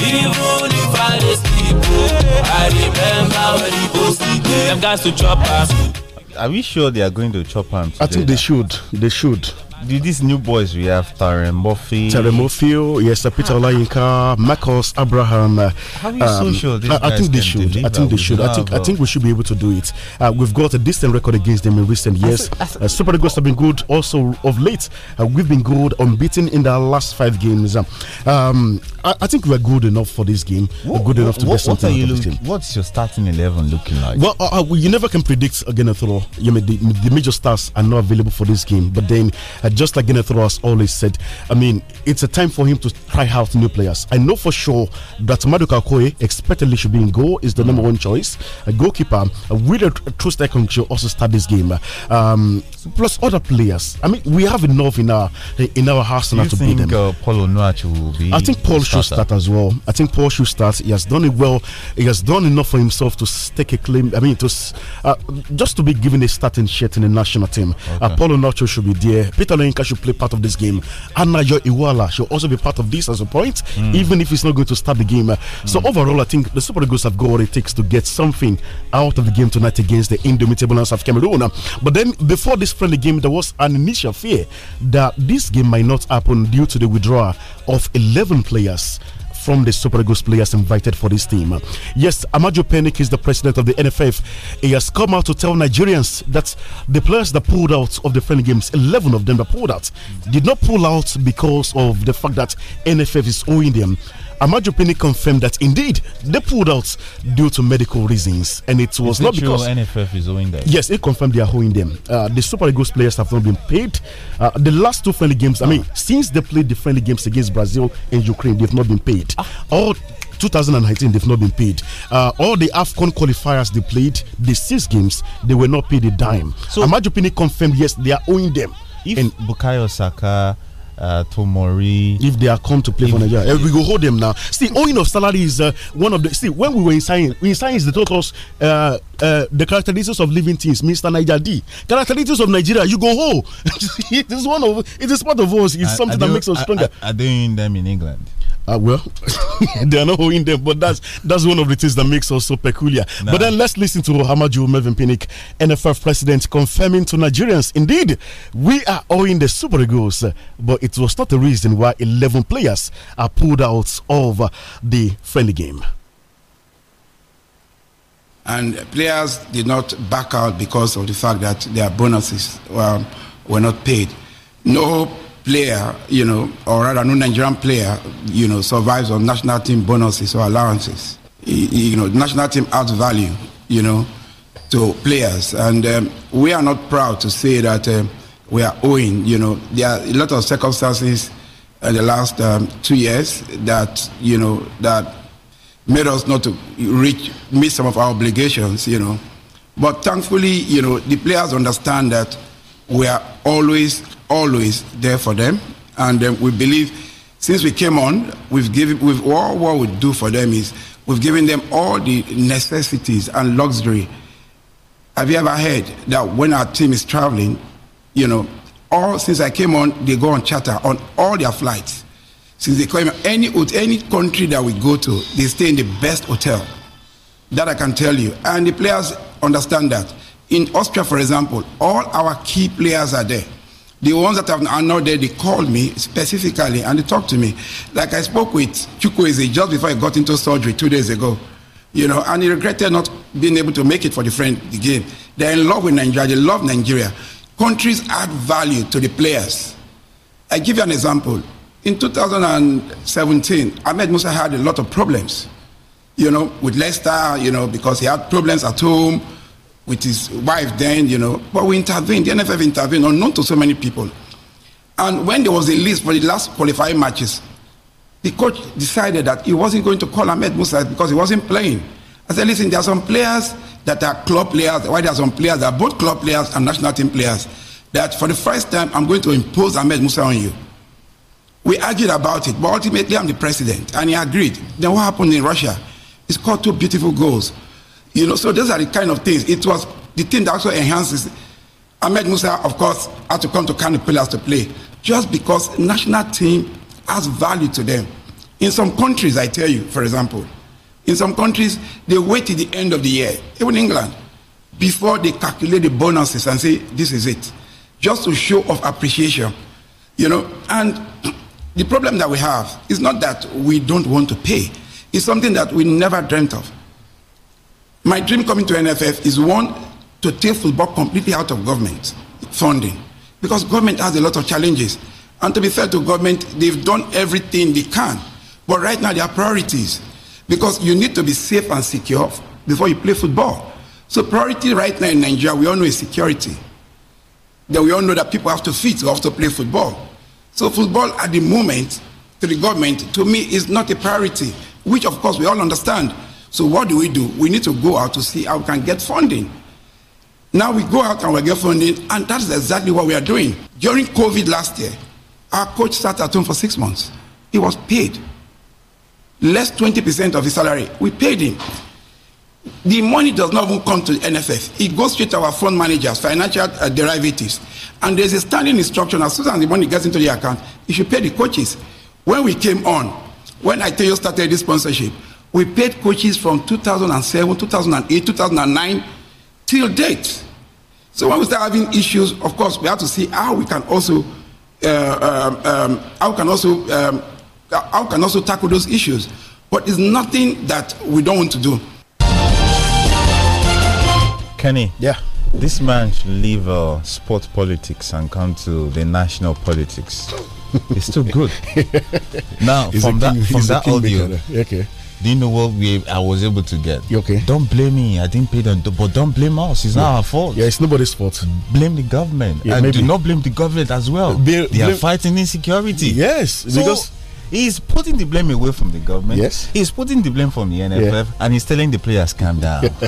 Even if I dey sleep, oh, remember when you go sleep. Dem guys to chop am. Are we sure they are going to chop him? I think they should. They should these new boys we have Taren Murphy, Tarem Murphy, oh, yes, uh, Peter Olayinka, Marcus Abraham. Uh, How are you um, so sure? I, I, think they should. I think they should. I think I oh. think we should be able to do it. Uh, we've got a decent record against them in recent years. I see, I see. Uh, Super Eagles have been good also of late. Uh, we've been good, unbeaten in the last five games. Um, I, I, think we're good enough for this game. What, good enough to what, get something out of this game. What's your starting eleven looking like? Well, uh, uh, you never can predict again at all. You mean the, the, major stars are not available for this game, but then. Uh, just like Gennaro has always said, I mean, it's a time for him to try out new players. I know for sure that Maduka Okoye, expectedly should be in goal, is the number one choice. A goalkeeper, a Wheeler Trostekon should also start this game. Um, plus other players. I mean, we have enough in our in our arsenal to beat them. Uh, Paul will be I think Paul should start as well. I think Paul should start. He has done it well. He has done enough for himself to take a claim. I mean, to, uh, just to be given a starting shirt in the national team. Uh, okay. Uh, Paul should be there. Peter Olenka should play part of this game. Anayo Iwala should also be part of this as a point, mm. even if he's not going to start the game. Mm. So hmm. overall, I think the Super Eagles have got what it takes to get something out of the game tonight against the indomitable of Cameroon. Uh, but then before this friendly game, there was an initial fear that this game might not happen due to the withdrawal of 11 players from the Super Eagles players invited for this team. Yes, Amaju Penick is the president of the NFF. He has come out to tell Nigerians that the players that pulled out of the friendly games, 11 of them that pulled out, did not pull out because of the fact that NFF is owing them Amajopini confirmed that indeed they pulled out due to medical reasons, and it was not because NFF is owing them. Yes, it confirmed they are owing them. Uh, the Super Eagles players have not been paid. Uh, the last two friendly games, I mean, ah. since they played the friendly games against Brazil and Ukraine, they've not been paid. Ah. All 2019 they've not been paid. Uh, all the AFCON qualifiers they played, the six games, they were not paid a dime. So Amajopini confirmed yes, they are owing them. If and Bukayo Saka uh, Tomori. If they are come to play if for Nigeria, if, eh, we go hold them now. See, owing of salary is uh, one of the. See, when we were in science, in science they taught us uh, uh, the characteristics of living things, Mr. Niger D. Characteristics of Nigeria, you go hold. [laughs] it is one of. It is part of us. It's are, something are they, that makes us stronger. Are, are they doing them in England? Uh, well, [laughs] they are not owing them, but that's that's one of the things that makes us so peculiar. Nah. But then let's listen to Hamaju Melvin Pinnick, NFF president, confirming to Nigerians indeed, we are owing the Super Eagles, but it was not the reason why 11 players are pulled out of the friendly game. And players did not back out because of the fact that their bonuses were, um, were not paid. No player, you know, or rather no Nigerian player, you know, survives on national team bonuses or allowances. You know, national team adds value, you know, to players. And um, we are not proud to say that um, we are owing, you know, there are a lot of circumstances in the last um, two years that, you know, that made us not to reach, meet some of our obligations, you know. But thankfully, you know, the players understand that we are always always there for them. And um, we believe since we came on, we've given, we've, all what we do for them is we've given them all the necessities and luxury. Have you ever heard that when our team is traveling, you know, all since I came on, they go on charter on all their flights. Since they come any any country that we go to, they stay in the best hotel. That I can tell you, and the players understand that. In Austria, for example, all our key players are there. The ones that have, are not there, they called me specifically and they talked to me. Like I spoke with Chukwueze just before I got into surgery two days ago, you know, and he regretted not being able to make it for the friend the game. They're in love with Nigeria. They love Nigeria. Countries add value to the players. I give you an example. In 2017, Ahmed Musa had a lot of problems, you know, with Leicester, you know, because he had problems at home with his wife then, you know. But we intervened. The NFF intervened, unknown to so many people. And when there was a list for the last qualifying matches, the coach decided that he wasn't going to call Ahmed Musa because he wasn't playing. I said, listen, there are some players that are club players. Why there are some players that are both club players and national team players that for the first time I'm going to impose Ahmed Musa on you. We argued about it, but ultimately I'm the president, and he agreed. Then what happened in Russia? He scored two beautiful goals. You know, so those are the kind of things. It was the thing that also enhances. Ahmed Musa, of course, had to come to Kano Pillars to play just because national team has value to them. In some countries, I tell you, for example, in some countries, they wait till the end of the year, even England, before they calculate the bonuses and say, this is it, just to show of appreciation. You know, and the problem that we have is not that we don't want to pay. It's something that we never dreamt of. My dream coming to NFF is one, to take football completely out of government funding. Because government has a lot of challenges. And to be fair to government, they've done everything they can. But right now, there are priorities. Because you need to be safe and secure before you play football. So priority right now in Nigeria, we all know is security. Then we all know that people have to fit, we have to play football. So football at the moment, to the government, to me, is not a priority, which of course we all understand. So what do we do? We need to go out to see how we can get funding. Now we go out and we get funding, and that's exactly what we are doing. During COVID last year, our coach sat at home for six months. He was paid less 20% of his salary. We paid him. The money does not even come to the NFF. It goes straight to our fund managers, financial uh, derivatives. And there's a standing instruction as soon as the money gets into the account, you should pay the coaches. When we came on, when I tell you started this sponsorship, we paid coaches from 2007, 2008, 2009 till date. So when we start having issues, of course, we have to see how we can also uh, um, um, how can also um, how can also tackle those issues. But it's nothing that we don't want to do. Kenny. Yeah. This man should leave uh, sport politics and come to the national politics. it's too good. [laughs] now, from that, from that audio, okay do you know what we I was able to get? Okay. Don't blame me. I didn't pay them, but don't blame us. It's yeah. not our fault. Yeah, it's nobody's fault. Blame the government. Yeah, and maybe. do not blame the government as well. Be they are fighting insecurity. Yes, so because He's putting the blame away from the government. Yes. He's putting the blame from the NFF, yeah. and he's telling the players, calm down. [laughs]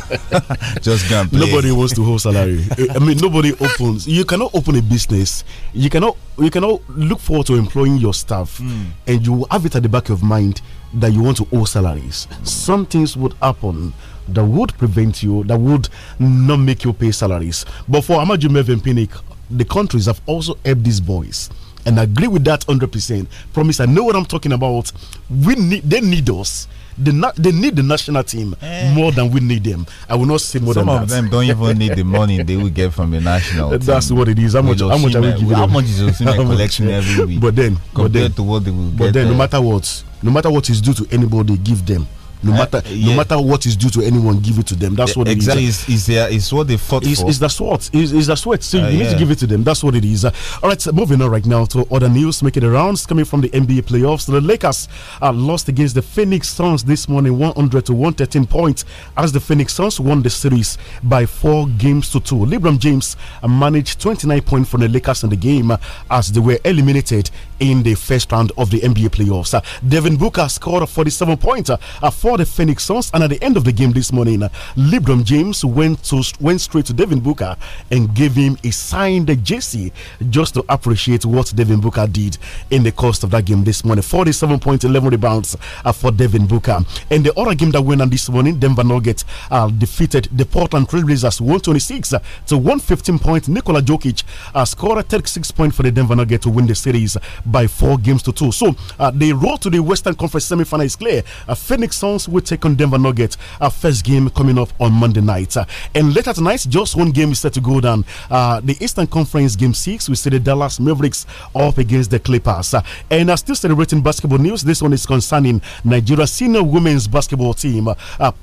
Just go play. Nobody wants to hold salary. I mean, nobody opens. You cannot open a business. You cannot. You cannot look forward to employing your staff, mm. and you have it at the back of mind that you want to owe salaries. Mm. Some things would happen that would prevent you, that would not make you pay salaries. But for Amaju Mevin Pinnick, the countries have also helped these boys and agree with that 100%. Promise, I know what I'm talking about. We need, they need us. They, not, they need the national team eh. more than we need them. I will not say more Some than that. Some of them don't even need the money they will get from the national. [laughs] That's what it is. How much? How much Oshima, are we giving? How much is Osimhen [laughs] collection every week? But then, compared but then, to what they will but get, then, no matter what, no matter what is due to anybody, give them no uh, matter yeah. no matter what is due to anyone, give it to them. That's what exactly it is. Is, is, is what they fought is, for. Is the sword. Is is the sword. So uh, you need to give it to them. That's what it is. Uh, all right, so moving on right now to other news making the rounds coming from the NBA playoffs. The Lakers are lost against the Phoenix Suns this morning, 100 to 113 points, as the Phoenix Suns won the series by four games to two. LeBron James managed 29 points for the Lakers in the game as they were eliminated in the first round of the NBA playoffs. Devin Booker scored 47 points, uh, four the Phoenix Suns. And at the end of the game this morning, Libram uh, LeBron James went to went straight to Devin Booker and gave him a signed jersey just to appreciate what Devin Booker did in the course of that game this morning. 47.11 rebounds uh, for Devin Booker. And the other game that went on this morning, Denver Nuggets uh, defeated the Portland Trailblazers 126 uh, to 115 points. Nikola Jokic uh, scored 36 points for the Denver Nuggets to win the series by four games to two. So uh, the road to the Western Conference semifinal is clear. Uh, Phoenix Suns Lions will take on Denver Nuggets. Our uh, first game coming up on Monday night. Uh, and later tonight, just one game is set to go down. Uh, the Eastern Conference Game 6, we see the Dallas Mavericks up against the Clippers. and uh, still celebrating basketball news. This one is concerning Nigeria's senior women's basketball team,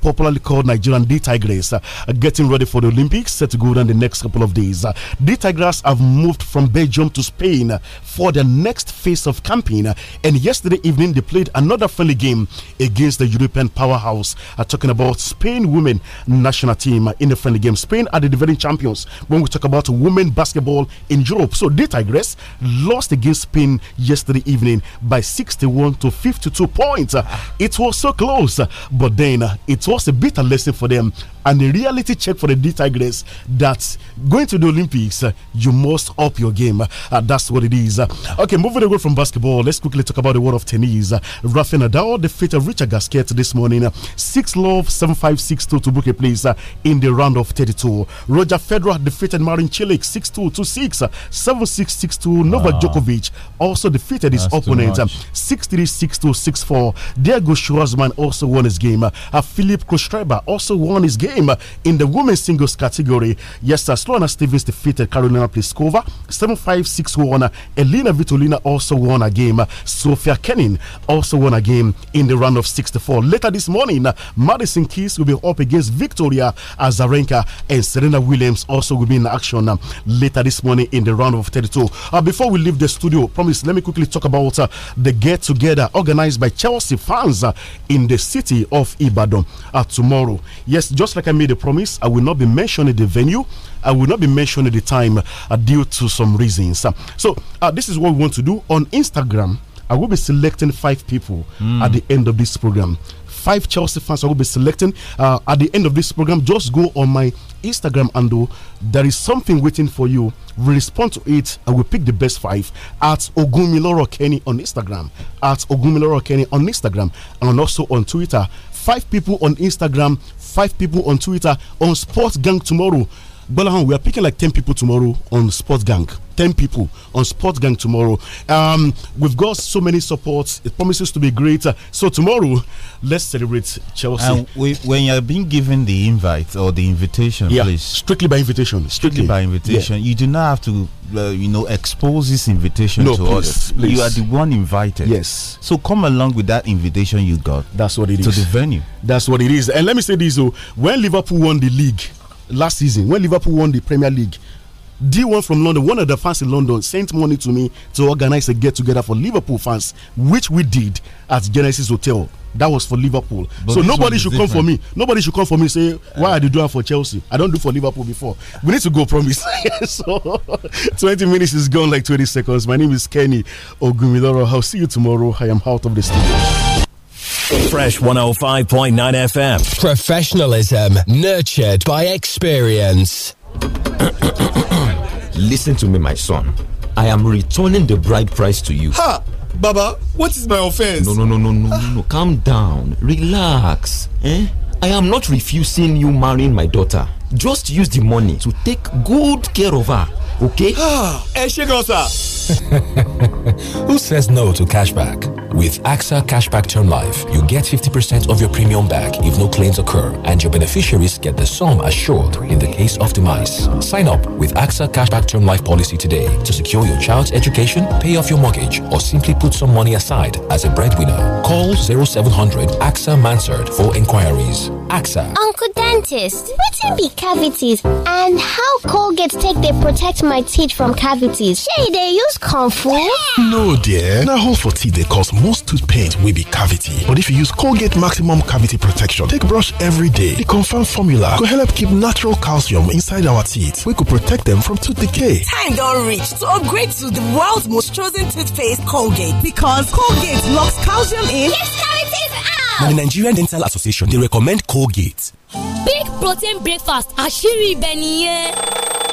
popularly called Nigerian D Tigers, getting ready for the Olympics set to go down the next couple of days. Uh, the Tigers have moved from Belgium to Spain for the next phase of campaign. and yesterday evening, they played another friendly game against the European powerhouse are uh, talking about Spain women national team uh, in the friendly game. Spain are the defending champions when we talk about women basketball in Europe. So they digress. Lost against Spain yesterday evening by 61 to 52 points. Uh, it was so close, but then it was a bitter lesson for them and a reality check for the D Tigers that going to the Olympics, uh, you must up your game. Uh, that's what it is. Uh, okay, moving away from basketball, let's quickly talk about the world of tennis. Rafael Nadal defeated Richard Gasquet this morning. Uh, six love seven five six two to book a place uh, in the round of thirty two. Roger Federer defeated Marin Cilic six two uh, Novak ah. Djokovic also defeated his opponent six three six two six four. Diego Schwartzman also won his game. Uh, Philip Kostreba also won his game in the women's singles category. Yes, uh, Sloana Stevens defeated Karolina Pliskova 7 5 6 Elena Vitolina also won a game. Sofia Kenin also won a game in the round of 64 later this morning, uh, Madison Keys will be up against Victoria Azarenka, and Serena Williams also will be in action uh, later this morning in the round of 32. Uh, before we leave the studio, promise, let me quickly talk about the get together organized by Chelsea fans in the city of Ibadan tomorrow. Yes, just like I made a promise, I will not be mentioning the venue. I will not be mentioning the time uh, due to some reasons. Uh, so, uh, this is what we want to do on Instagram. I will be selecting five people mm. at the end of this program five Chelsea fans I will be selecting uh, at the end of this program. Just go on my Instagram do. There is something waiting for you. respond to it I will pick the best five at Ogumiloro Kenny on Instagram. At Ogumiloro Kenny on Instagram and also on Twitter. Five people on Instagram, five people on Twitter on Sports Gang tomorrow. Bolahan, we are picking like 10 people tomorrow on Sports Gang. 10 people on Sports Gang tomorrow. Um, we've got so many supports. It promises to be great. So tomorrow, let's celebrate Chelsea. And we, when you're being given the invite or the invitation, yeah, please. Strictly by invitation. Strictly, strictly by invitation. Yeah. You do not have to, uh, you know, expose this invitation no, to please, Please. You are the one invited. Yes. So come along with that invitation you got. That's what it to is. To the venue. That's what it is. And let me say this, though. When Liverpool won the league, last season when Liverpool won the Premier League. D1 from London, one of the fans in London, sent money to me to organize a get together for Liverpool fans, which we did at Genesis Hotel. That was for Liverpool. But so nobody should different. come for me. Nobody should come for me say, Why uh, are you doing for Chelsea? I don't do for Liverpool before. We need to go, promise. [laughs] so [laughs] 20 minutes is gone like 20 seconds. My name is Kenny Ogumiloro. I'll see you tomorrow. I am out of the studio. Fresh 105.9 FM. Professionalism nurtured by experience. [coughs] Listen to me, my son. I am returning the bride price to you. Ha! Baba, what is my offense? No, no, no, no, no, no, no. Calm down. Relax. Eh? I am not refusing you marrying my daughter. Just use the money to take good care of her okay? ẹ ṣe gan sa. Who says no to cashback? With AXA Cashback Term Life, you get 50% of your premium back if no claims occur, and your beneficiaries get the sum assured in the case of demise. Sign up with AXA Cashback Term Life policy today to secure your child's education, pay off your mortgage, or simply put some money aside as a breadwinner. Call 0700 AXA Mansard for inquiries. AXA. Uncle Dentist, in be cavities and how Colgate take they protect my teeth from cavities shey they use comfort? no dear Now, hole for teeth they cause most tooth pain will be cavity but if you use colgate maximum cavity protection take brush every day the confam formula go help keep natural calcium inside our teeth We could protect them from tooth decay time don't reach to upgrade to the world's most chosen toothpaste colgate Because colgate locks calcium in yes cavities nigerian dental association they recommend colgate big protein breakfast Ashiri ibẹ̀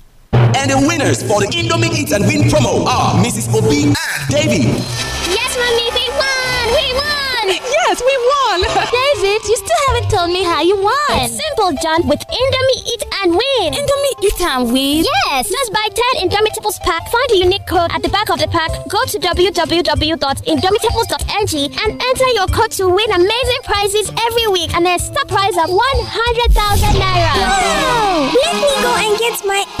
And the winners for the Indomie Eat and Win promo are Mrs. Obi and David. Yes, Mommy, we won! We won! Yes, we won! [laughs] David, you still haven't told me how you won. It's simple, John, with Indomie Eat and Win. Indomie Eat and Win? Yes, just buy 10 Indomitables pack, find the unique code at the back of the pack, go to www.indomitables.ng and enter your code to win amazing prizes every week and a stock prize of 100,000 Naira. Wow! Let me go and get my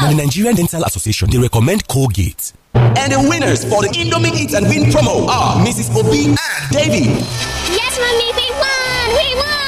now, the Nigerian Dental Association, they recommend Colgate. And the winners for the Indomie Eat and Win promo are Mrs. Obi and Davy. Yes, Mommy, we won! We won!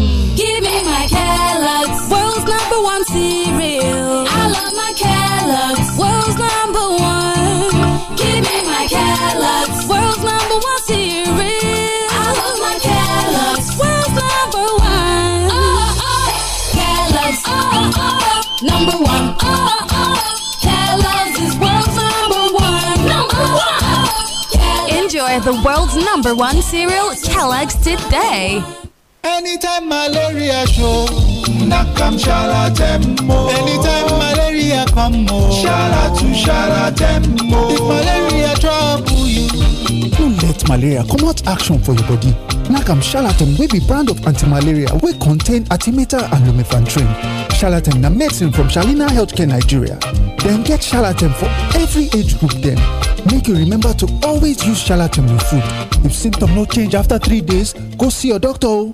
Give me my Kellogg's. World's number one cereal. I love my Kellogg's. World's number one. Give me my Kellogg's. World's number one cereal. I love my Kellogg's. World's number one. Oh, oh. Kellogg's. Oh, oh. oh. Number one. Oh, oh, oh. Kellogg's is world's number one. Number one. Oh, Enjoy the world's number one cereal, Kellogg's, today. Anytime malaria show, Nakam Shala Anytime malaria come, Shala to Shala Tembo. If malaria trouble you, no let malaria come out action for your body. Nakam Charlatan will be brand of anti-malaria will contain Artimata and lumefantrine. Charlatan na medicine from Shalina Healthcare Nigeria. Then get Charlatan for every age group then. Make you remember to always use Charlatan with food. If symptoms no change after three days, go see your doctor.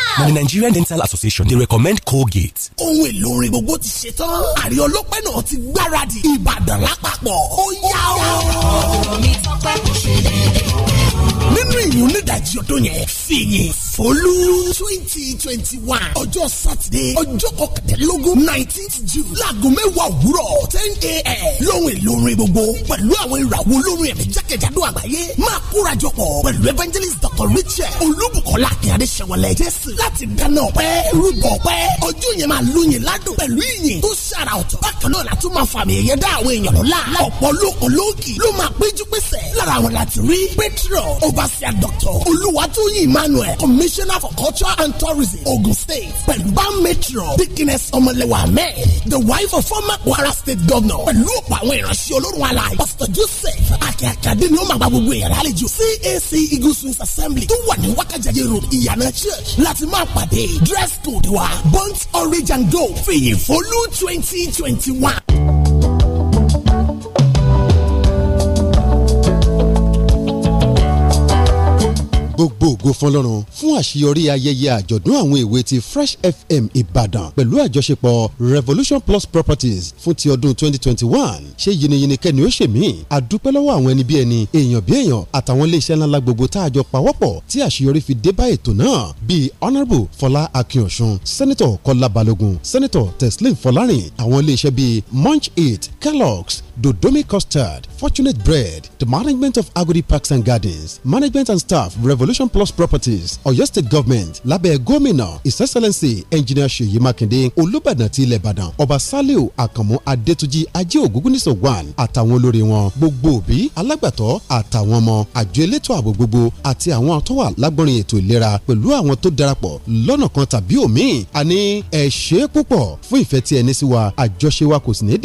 na the Nigerian Dental Association dey recommend Colgate. Ohun èlò orin gbogbo ti ṣe tán. Àrí ọlọ́pẹ́ náà ti gbáradì. Ìbàdàn lápapọ̀ ó yá o. Nínú ìyún nídàjí ọdún yẹn, fìyìn fólú twenty twenty one ọjọ́ sátidé ọjọ́ kọkàndínlógún nineteenth june láago mẹ́wàá òwúrọ̀ ten a.m. lóhùn èlò orin gbogbo pẹ̀lú àwọn ìràwọ̀ olórin ẹ̀mí jákèjádò àgbáyé máa kórajọ pọ̀ pẹ̀lú evangelist dr richard olúbùkọ́lá akínyàdé ṣẹ̀wọ̀lẹ̀ jésù láti dáná ọpẹ́ rúbọ ọpẹ́ ọjọ́ yẹn máa lóyin ládùn pẹ̀lú ìyìn tó ṣàrà ọ̀tọ̀ bákan náà la tún máa fàmì ẹ̀yẹ dá àwọn èèyàn lọ́la ọ̀pọ̀ lóko lóòkì ló máa péjú pésẹ̀ lára àwọn láti overseer doctor olúwatóyìn emmanuel commissioner for culture and tourism Ogun state pẹ̀lú bá metro dikines ọmọlẹ́wà mẹ́ the wife of former Kwara state governor pẹ̀lú ọ̀pọ̀ àwọn ìránṣẹ́ olórun alaye pastor Joseph akíakíade ni ó máa gba gbogbo ìyàrá àlejò CAC Eagle assembly tó wà ní Wákàjáde road ìyànà church láti máa pàdé dress code wa burnt orange and gold fìyìn fólú twenty twenty one. gbogbo ògo fọlọ́run fún àṣeyọrí ayẹyẹ àjọ̀dún àwọn èwe ti fresh fm ìbàdàn pẹ̀lú àjọṣepọ̀ revolution plus properties fún ti ọdún 2021 ṣé yiniyini kẹ́ni ó ṣe mí àdúpẹ́ lọ́wọ́ àwọn ẹni bí ẹni èèyàn bí èèyàn àtàwọn iléeṣẹ́ ńláńlá gbogbo tá a jọ pawọ́pọ̀ tí àṣeyọrí fi dé bá ètò náà bíi honourable fọlá akínọ̀sùn sẹ́nitọ̀ kọ́lá balógun sẹ́nitọ̀ teslim fọlárin àwọn iléeṣẹ́ bíi munch eight kellogg's Dodomi Custard, Fortunate Bread, the management of Agodi Parks and Gardens, management and staff, Revolution Plus Properties, Oyo State Government, Lábẹ́ Gómìnà, His Excellency Engineer Ṣèyí Mákindé, Olúbàdàn ti ilẹ̀ Ìbàdàn, Ọba Saliu Àkànmú Adétúnjì Ajé Ògúngúnnísọ̀ one àtàwọn olórí wọn, gbogbo òbí, alágbàtọ́ àtàwọn ọmọ, àjọ elétò ààbò gbogbo àti àwọn tó wà lágbọ́nrin ètò ìlera pẹ̀lú àwọn tó darapọ̀ lọ́nà kan tàbí òmíì. A ní ẹ ṣé púpọ̀ fún ìfẹ́ tí ẹ sí wa, àjọṣe wa kò sì ní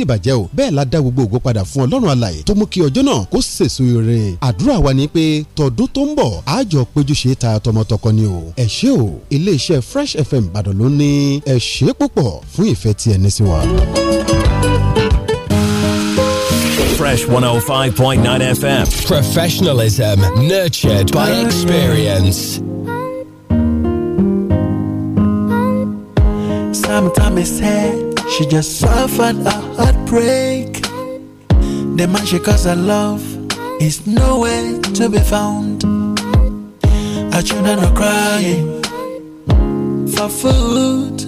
padà fún ọlọ́run alàyè tó mú kí ọjọ́ náà kó sèso ire àdúrà wa ni pé tọdún tó ń bọ̀ àjọ péjú ṣe ta tọmọtọkọ ni o ẹ ṣé o iléeṣẹ́ Fresh FM Ìbàdàn ló ní ẹ ṣé púpọ̀ fún ìfẹ́ tí ẹ sí wa. Fresh 105.9 FM. Professionalism nurtured by experience. Sometimes it's said she just suffered a heartbreak. The magic cause I love is nowhere to be found. I children are crying for food.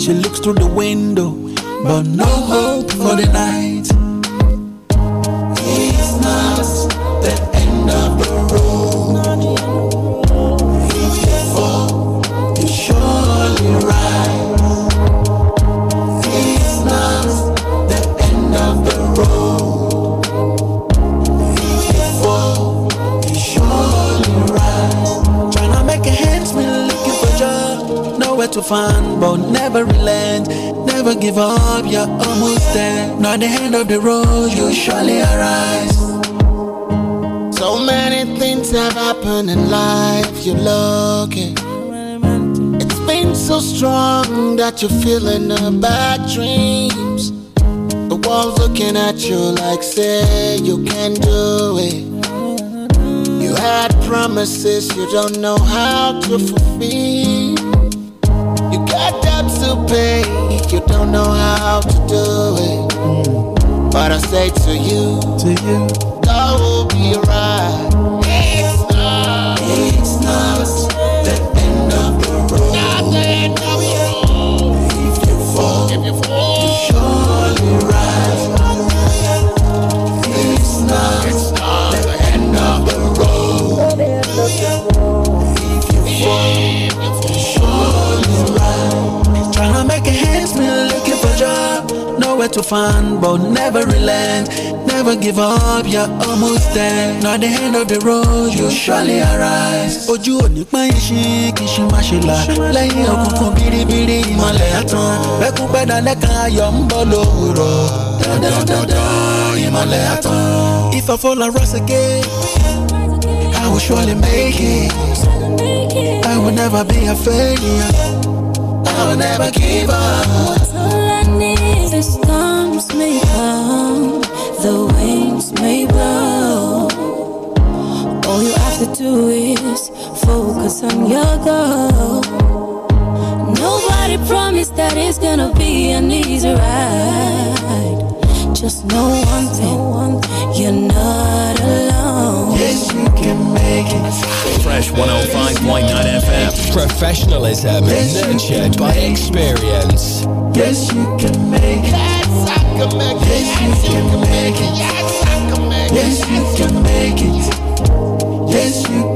She looks through the window, but no hope for the night. give up, you're almost there. Not the end of the road, you surely arise. So many things have happened in life, you're lucky. It's been so strong that you're feeling the bad dreams. The world's looking at you like, say, you can do it. You had promises you don't know how to fulfill. You got debts to pay like you don't know how to do it. Hmm. But I say to you, to you, God will be right. to find, but never relent. Never give up, you're almost there. Not the end of the road, you surely arise. Ojú òní pẹ́ iṣẹ́ kì í ṣe má ṣe là. Lẹ́yìn òkùnkùn biribiri ìmọ̀lẹ̀ àtàn. Bẹ́kún pẹ́dà lẹ́ka ayọ̀ ń bọ̀ If I fall and rise again, I will surely make it. I will never be a failure. I will never give up. cause I'm your girl. Nobody promised that it's gonna be an easy ride. Just know one thing, you're not alone. Yes, you can make it. Fresh 105.9 FM. Professionalism yes, nurtured by experience. Yes, you can make it. Yes, can make it. Yes, you can make it. Yes, can make it. Yes, you can make it. Yes, you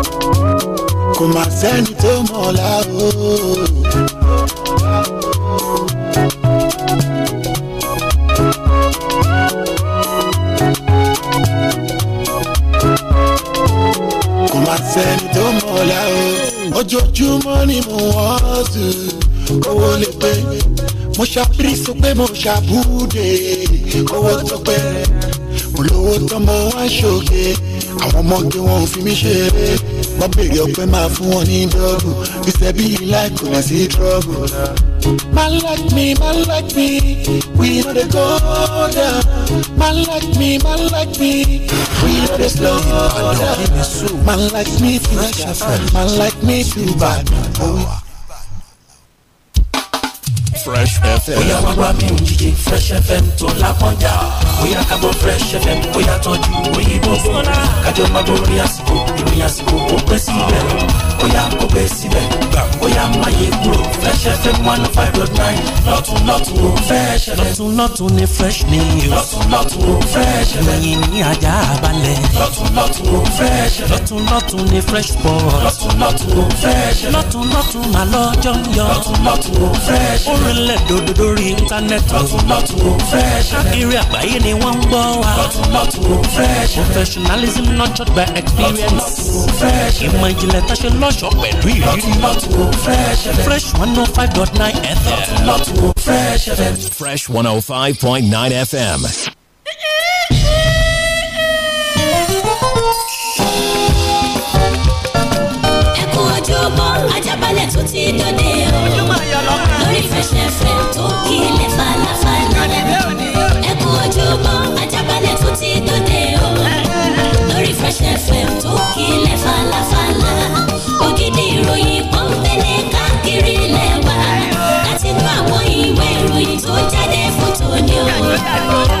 kò má sẹ́ni tó mọ̀ ọ́lá o. kò má sẹ́ni tó mọ̀ ọ́lá o. ojoojúmọ́ ni mo wọ́n sùn owó lè pé mo ṣàbírísọ pé mo ṣàbúdé owó tó pé mo lówó tán mo wá ṣòge àwọn ọmọge wọn ò fi mí ṣeré. wọ́n béèrè ọpẹ́ máa fún wọn ní dọ́ọ̀bù fìṣẹ́ bí láì kò náà sí trọ́ọ̀bù. Man like me, man like me, we no dey go down. Man like me, man like me, we no dey slow down. Man like me, man like me, too bad. Fresh FM. Oyè wá wá mi ò Fresh FM tó lápọ́njà. bóyá kábọ̀ fresh fm bóyá tọ́jú òyìnbó fún kájọ máa borí àsìkò ìròyìn àsìkò ó pẹ́ síbẹ̀ bóyá kò pẹ́ síbẹ̀ bóyá máyé kúrò fresh fm one oh five dot nine lọ́tún lọ́tún ó fresh fm. lọ́tún lọ́tún ni fresh news. lọ́tún lọ́tún ó fresh fm. ìròyìn ní ajá balẹ̀. lọ́tún lọ́tún ó fresh fm. lọ́tún lọ́tún ni fresh sport. lọ́tún lọ́tún ó fresh fm. lọ́tún lọ́tún mà lọ́jọ́ yọ. lọ́tún lọ́tún ó fresh fm. ó rinlẹ̀ dòdò lórí íńtánẹ́ẹ̀tì. lọ́tún fresh fm. káàkiri àgbáyé ni wọ́n ń bọ̀ wá. lọ́tùlọ́tù fresh. professionalism nurtured by experience. lọ́tùlọ́tù fresh. ìmọ̀ ìjìnlẹ̀ tá a ṣe lọ́ṣọ̀ọ́ pẹ̀lú ìrírí. lọ́tùlọ́tù fresh. fresh one oh five dot nine fm. fresh fm. fresh one oh five point nine fm. ẹkún ojúbọ ajábalẹ̀ tó ti dòde o ojúbọ ajábalẹ̀ tó ti dòde o lórí Fresh FM tó kílẹ̀ falafala ògidì ìròyìn pọ́npẹ́lẹ́ káàkiri lẹ́wà látinú àwọn ìwé ìròyìn tó jáde fún tòní o.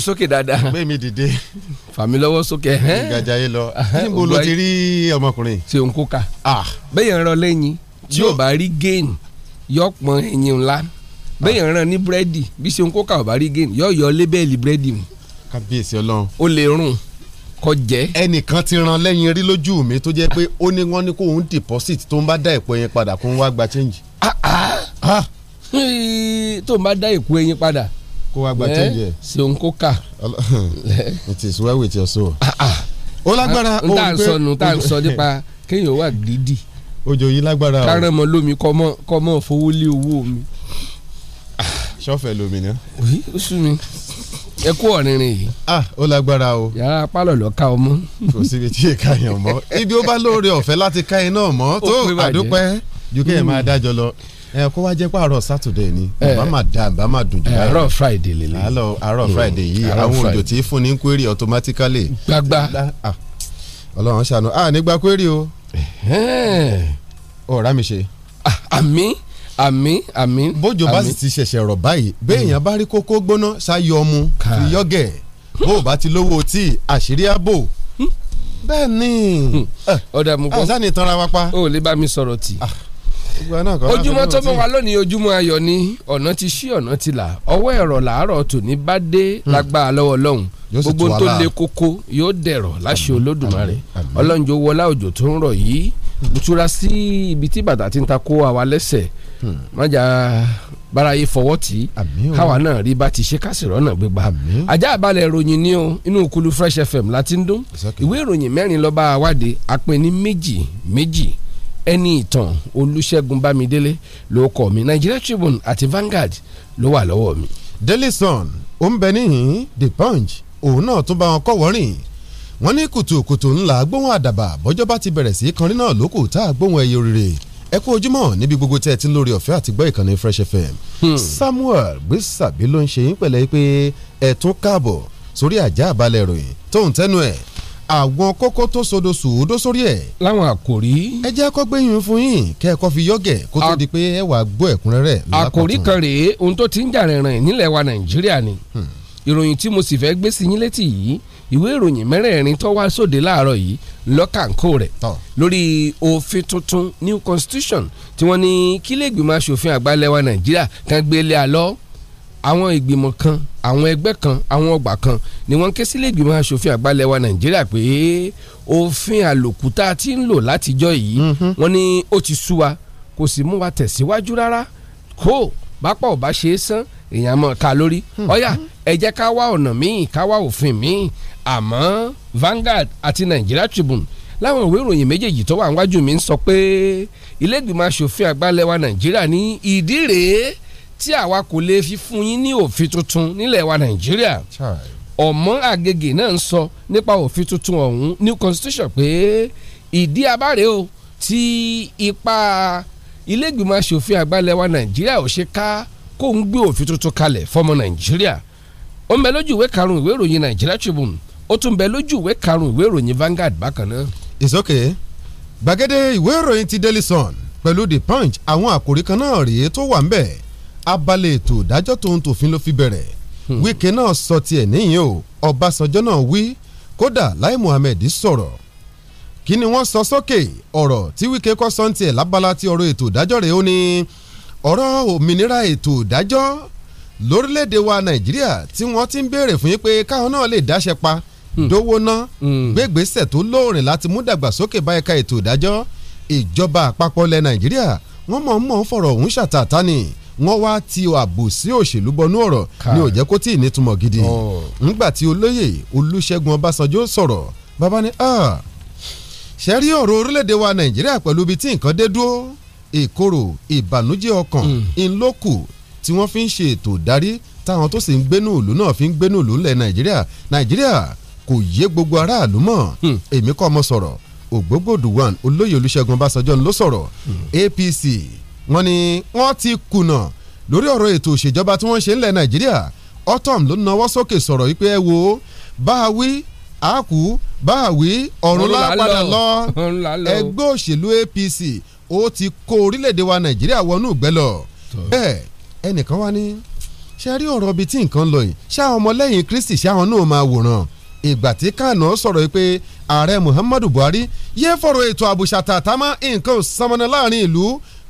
sókè dáadáa. gbé mi dìde. fà mí lọ́wọ́ sókè. gàjà yé lọ níbo ló ti rí ọmọkùnrin. ṣe n kó ka. Ah. bẹ́ẹ̀ ń rán lẹ́yìn tí ò bá rí gain yọ pọn ẹyin ńlá bẹ́ẹ̀ ń ah. rán ní búrẹ́dì bí ṣe n kó ka ò bá rí gain yọ yọ lébẹ́ẹ̀lì búrẹ́dì mi. kábíyèsí ọlọ́run. ó lè rún kọ jẹ. ẹnìkan ti ran lẹ́yìn rí lójú mi tó jẹ́ pé ó ní wọ́n ní kó òun deposit tó ń bá dá ìpò yẹn padà kó ń wá gba change. Ah, tó ń bá dá ìpò yẹn padà kó wá gba change ẹ̀. ṣeun kó kà. [laughs] it is well with your soul. Ah, ah. ó lágbára ohun ah, pé n tá sọ nù tá n sọ nípa kéèyàn wà gidi. òjò yìí lágbára o. kárán mọ lómi kọmọ kọmọ fowó lé owó mi. sọfẹ lomi ni. oyi ó sú mi ẹ kú ọ̀rìnrìn yìí. ah ó lágbára o. yàrá pálọ̀ lọ ká ọmọ. kò síbi tí èka yàn mọ́ ibi ó bá lóore ọ̀fẹ́ láti ká iná mọ́ tó àdúpẹ́ ju kéèyàn máa dájọ lọ ẹ kó wá jẹ́ pé àárọ̀ sátidé ni bàbá máa da bàbá máa dùn jù báyìí àárọ̀ friday lè lè àlọ àárọ̀ hmm, friday yìí àwọn òjò tí fún ní query automatically gbagba ah, ọlọ́run ṣàánú à nígbà query o ọ̀rá mi ṣe. Ah, àmì àmì àmì. bójú bá sì ti ṣẹ̀ṣẹ̀ rọ̀ báyìí béèyàn bá rí kókó gbóná ṣáyọ ọmú fi yọ̀gẹ̀ bó o bá ti lówó tí àṣírí àbò hmm. bẹ́ẹ̀ ni hmm. ah, ọ̀dà mú bọ́ ọ̀sán ni tanra wa pa. o ò lè bá mi sọ̀rọ̀ tì ojúmọ́ tó mọ́ wa lónìí ojúmọ́ ayọ̀ ni ọ̀nà ti ṣí ọ̀nà ti là ọwọ́ ẹ̀rọ làárọ̀ tòní bá dé hmm. lágbára lọ́wọ́ ọlọ́run gbogbo tó le koko yóò dẹ̀rọ̀ láṣẹ olódùmarè ọlọ́njọ́ wọlá òjò tó ń rọ̀ yìí butura hmm. sí ibi tí bàtà ti ń ta kó àwa lẹ́sẹ̀ hmm. májà báráyé fọwọ́ tí káwa náà rí bá ti ṣe kásìrọ́ náà gbégbá ajá àbálẹ̀ ìròyìn ni o inú kulu Fresh FM láti ń dún ìwé ìròyìn mẹ́rin lọ́ba àwádìí apẹni méjì méjì ẹni ìtàn olùṣègùn bámidélé ló kọ mi nigeria tribune àti Vanguard ló wà lọ́wọ́ mi. daily sun ó ń bẹ níhìn the punch òun náà tún bá wọn kọ́ wọ́rìn wọ́n ní kùtùkùtù ńlá gbóhùn àdàbà bọ́jọ́ bá ti bẹ̀rẹ̀ sí kanrin náà lókù tá a gbóhùn ẹyẹ òrìrì ẹ kú ojúmọ́ níbi gbogbo tí ẹ ti ń lórí ọ̀fẹ́ àti gbọ́ ìkànnì fresh fm hmm. samuel gbèsàbí ló ń ṣe yín pẹ̀lẹ́ pé ẹ tún káàbọ̀ sórí àjà àbálẹ̀ ìròyìn tóun tẹ́nu ẹ̀ àwọn kókó tó sodo sòódó sórí ẹ̀. láwọn àkòrí. ẹ jẹ́ kó gbẹ̀yìn fún yín kẹ́ẹ̀kọ́ fi yọ̀gẹ̀ kó tó di pé ẹ wàá gbọ́ ẹ̀kúnrẹ́rẹ́. àkòrí kan rèé ohun tó ti ń jà rìnrìn nílẹ̀ wa nàìjíríà ni hmm. ìròyìn tí mo sì fẹ́ gbé sí yín létí yìí ìwé ìròyìn mẹ́rẹ̀ẹ̀rin tó wá sóde láàárọ̀ yìí lọ́kàǹkó rẹ̀ lórí òfin tuntun new constitution tí wọ́n ní kílẹ̀ ìgbìmọ̀ asòfin àgbà lẹ̀ wa nàìjíríà kan gbélé alọ́ àwọn ìgbìmọ̀ kan àwọn ẹgbẹ́ kan àwọn ọgbà kan ni wọ́n ké sílé ìgbìmọ̀ asòfin àgbà wa nàìjíríà pé òfin àlòkù tá a ti ń lò látijọ́ yìí mhm. wọ́n ní ó ti sú wa kò sì mú wa tẹ̀síwájú rárá kó bápá ò bá ṣe é sán èèyàn mọ̀ ká lórí ọ̀yà hmm. ẹ jẹ́ ká wá ọ̀nà míì ká wá òfin míì àmọ́ Vanguard àti Nigeria Tribune láwọn ìwé ìròyìn méjèèjì tó wà níwájú mi ń sọ pé ilé ìgbìmọ̀ asòfin àgbà wa nàìjíríà ní ìdí rèé tí àwa kò lè fi fún yín ní òfin tuntun nílẹ̀ wa nàìjíríà ọmọ àgègè náà ń sọ nípa òfin tuntun ọ̀hún new constitution pé ìdí abáre o tí ipa ilégbìmọ̀ asòfin àgbàlẹ̀ wa nàìjíríà ò ṣe ká kó ń gbé òfin tuntun kalẹ̀ fọmọ nàìjíríà ó ń bẹ lójú ìwé karùn ìwé ìròyìn nàìjíríà tribune ó tún bẹ lójú ìwé karùn ìwé ìròyìn Vanguard bákan náà. it's okay gbàgede ìwé ìròyìn ti Daily Sun pẹ̀lú the punch àwọn àkòrí kan náà rèé tó wà ń bẹ̀ abalẹ̀ ètò ìdájọ́ tòun tòfin ló fi bẹ̀rẹ̀ hmm. Wike náà sọ tiẹ̀ níyìn o Ọbásanjọ́ náà wí kódà Lai Muhammed sọ̀rọ̀ kí ni wọ́n sọ sókè ọ̀rọ̀ tí Wike kọ́ sọ ń tiẹ̀ lábala ti ọ̀rọ̀ ètò ìdájọ́ rẹ̀ ó ní ọ̀rọ̀ òmìnira ètò ìdájọ́ lórílẹ̀‐èdè wa Nàìjíríà tí wọ́n ti ń béèrè fún yín pé káwọn náà lè dáṣẹ pa hmm. dówó ná hmm. gbégbèsè tó lóòrìn láti mú dàgbàsókè bá ẹ̀ka ètò ìdájọ́ ìjọba àpapọ̀ lẹ̀ Nàìjíríà wọ́n mọ̀ ń mọ̀ ń fọ̀rọ̀ ọ̀hún ṣàtàtà ni wọ́n wá ti ààbò sí òṣèlú bọnú ọ̀rọ̀ ni ò jẹ́ kó tí ì nítumọ̀ gidi ńgbà oh. tí olóyè Olúṣẹ́gun Ọbásanjọ́ sọ̀rọ̀ bàbá ni ṣe rí ọ̀rọ̀ orílẹ̀-èdè wa Nàìjíríà pẹ̀lú ibi tí nǹkan dé dúró ìkorò ìbànújẹ́ ọkàn ńlọ́kù hmm. tí wọ́n fi ń ṣe ètò ìdarí táwọn tó sì ń gbénú ìlú náà fi ń gbénú ìlú ńlẹ̀ Nàìjíríà Nàìjíríà kò yé gbogbo aráàlú mọ̀ hmm. èmi kọ́ ọmọ sọ̀rọ̀ ògbógbòdù olóyè Olúṣẹ́gun Ọbásanjọ́ ló sọ̀rọ̀ hmm. APC wọ́n ní wọ́n ti kùnà lórí ọ̀rọ̀ ètò òṣèjọba tí wọ́n ṣe ńlẹ̀ nàìjíríà autumn ló nawọ́ sókè sọ̀rọ̀ yìí pé ẹ wo bá a wí àákú bá a wí ọ̀run lápadà [laughs] lọ ẹgbẹ́ òṣèlú APC ó ti kó orílẹ̀-èdè wa nàìjíríà wọnú ìgbẹ́ lọ bẹ́ẹ̀ ẹnìkan wá ní ṣe rí ọ̀rọ̀ bíi tí nǹkan lọ yìí ṣáà ọmọlẹ́yìn Kristi ṣáà náà máa wòran ìgbà tí kànáà sọ̀rọ̀ pé ààrẹ Muhammadu Buhari yéé fọ̀rọ̀ ètò àbùṣàtà támá nǹkan ò sọmọnà láàrin ìlú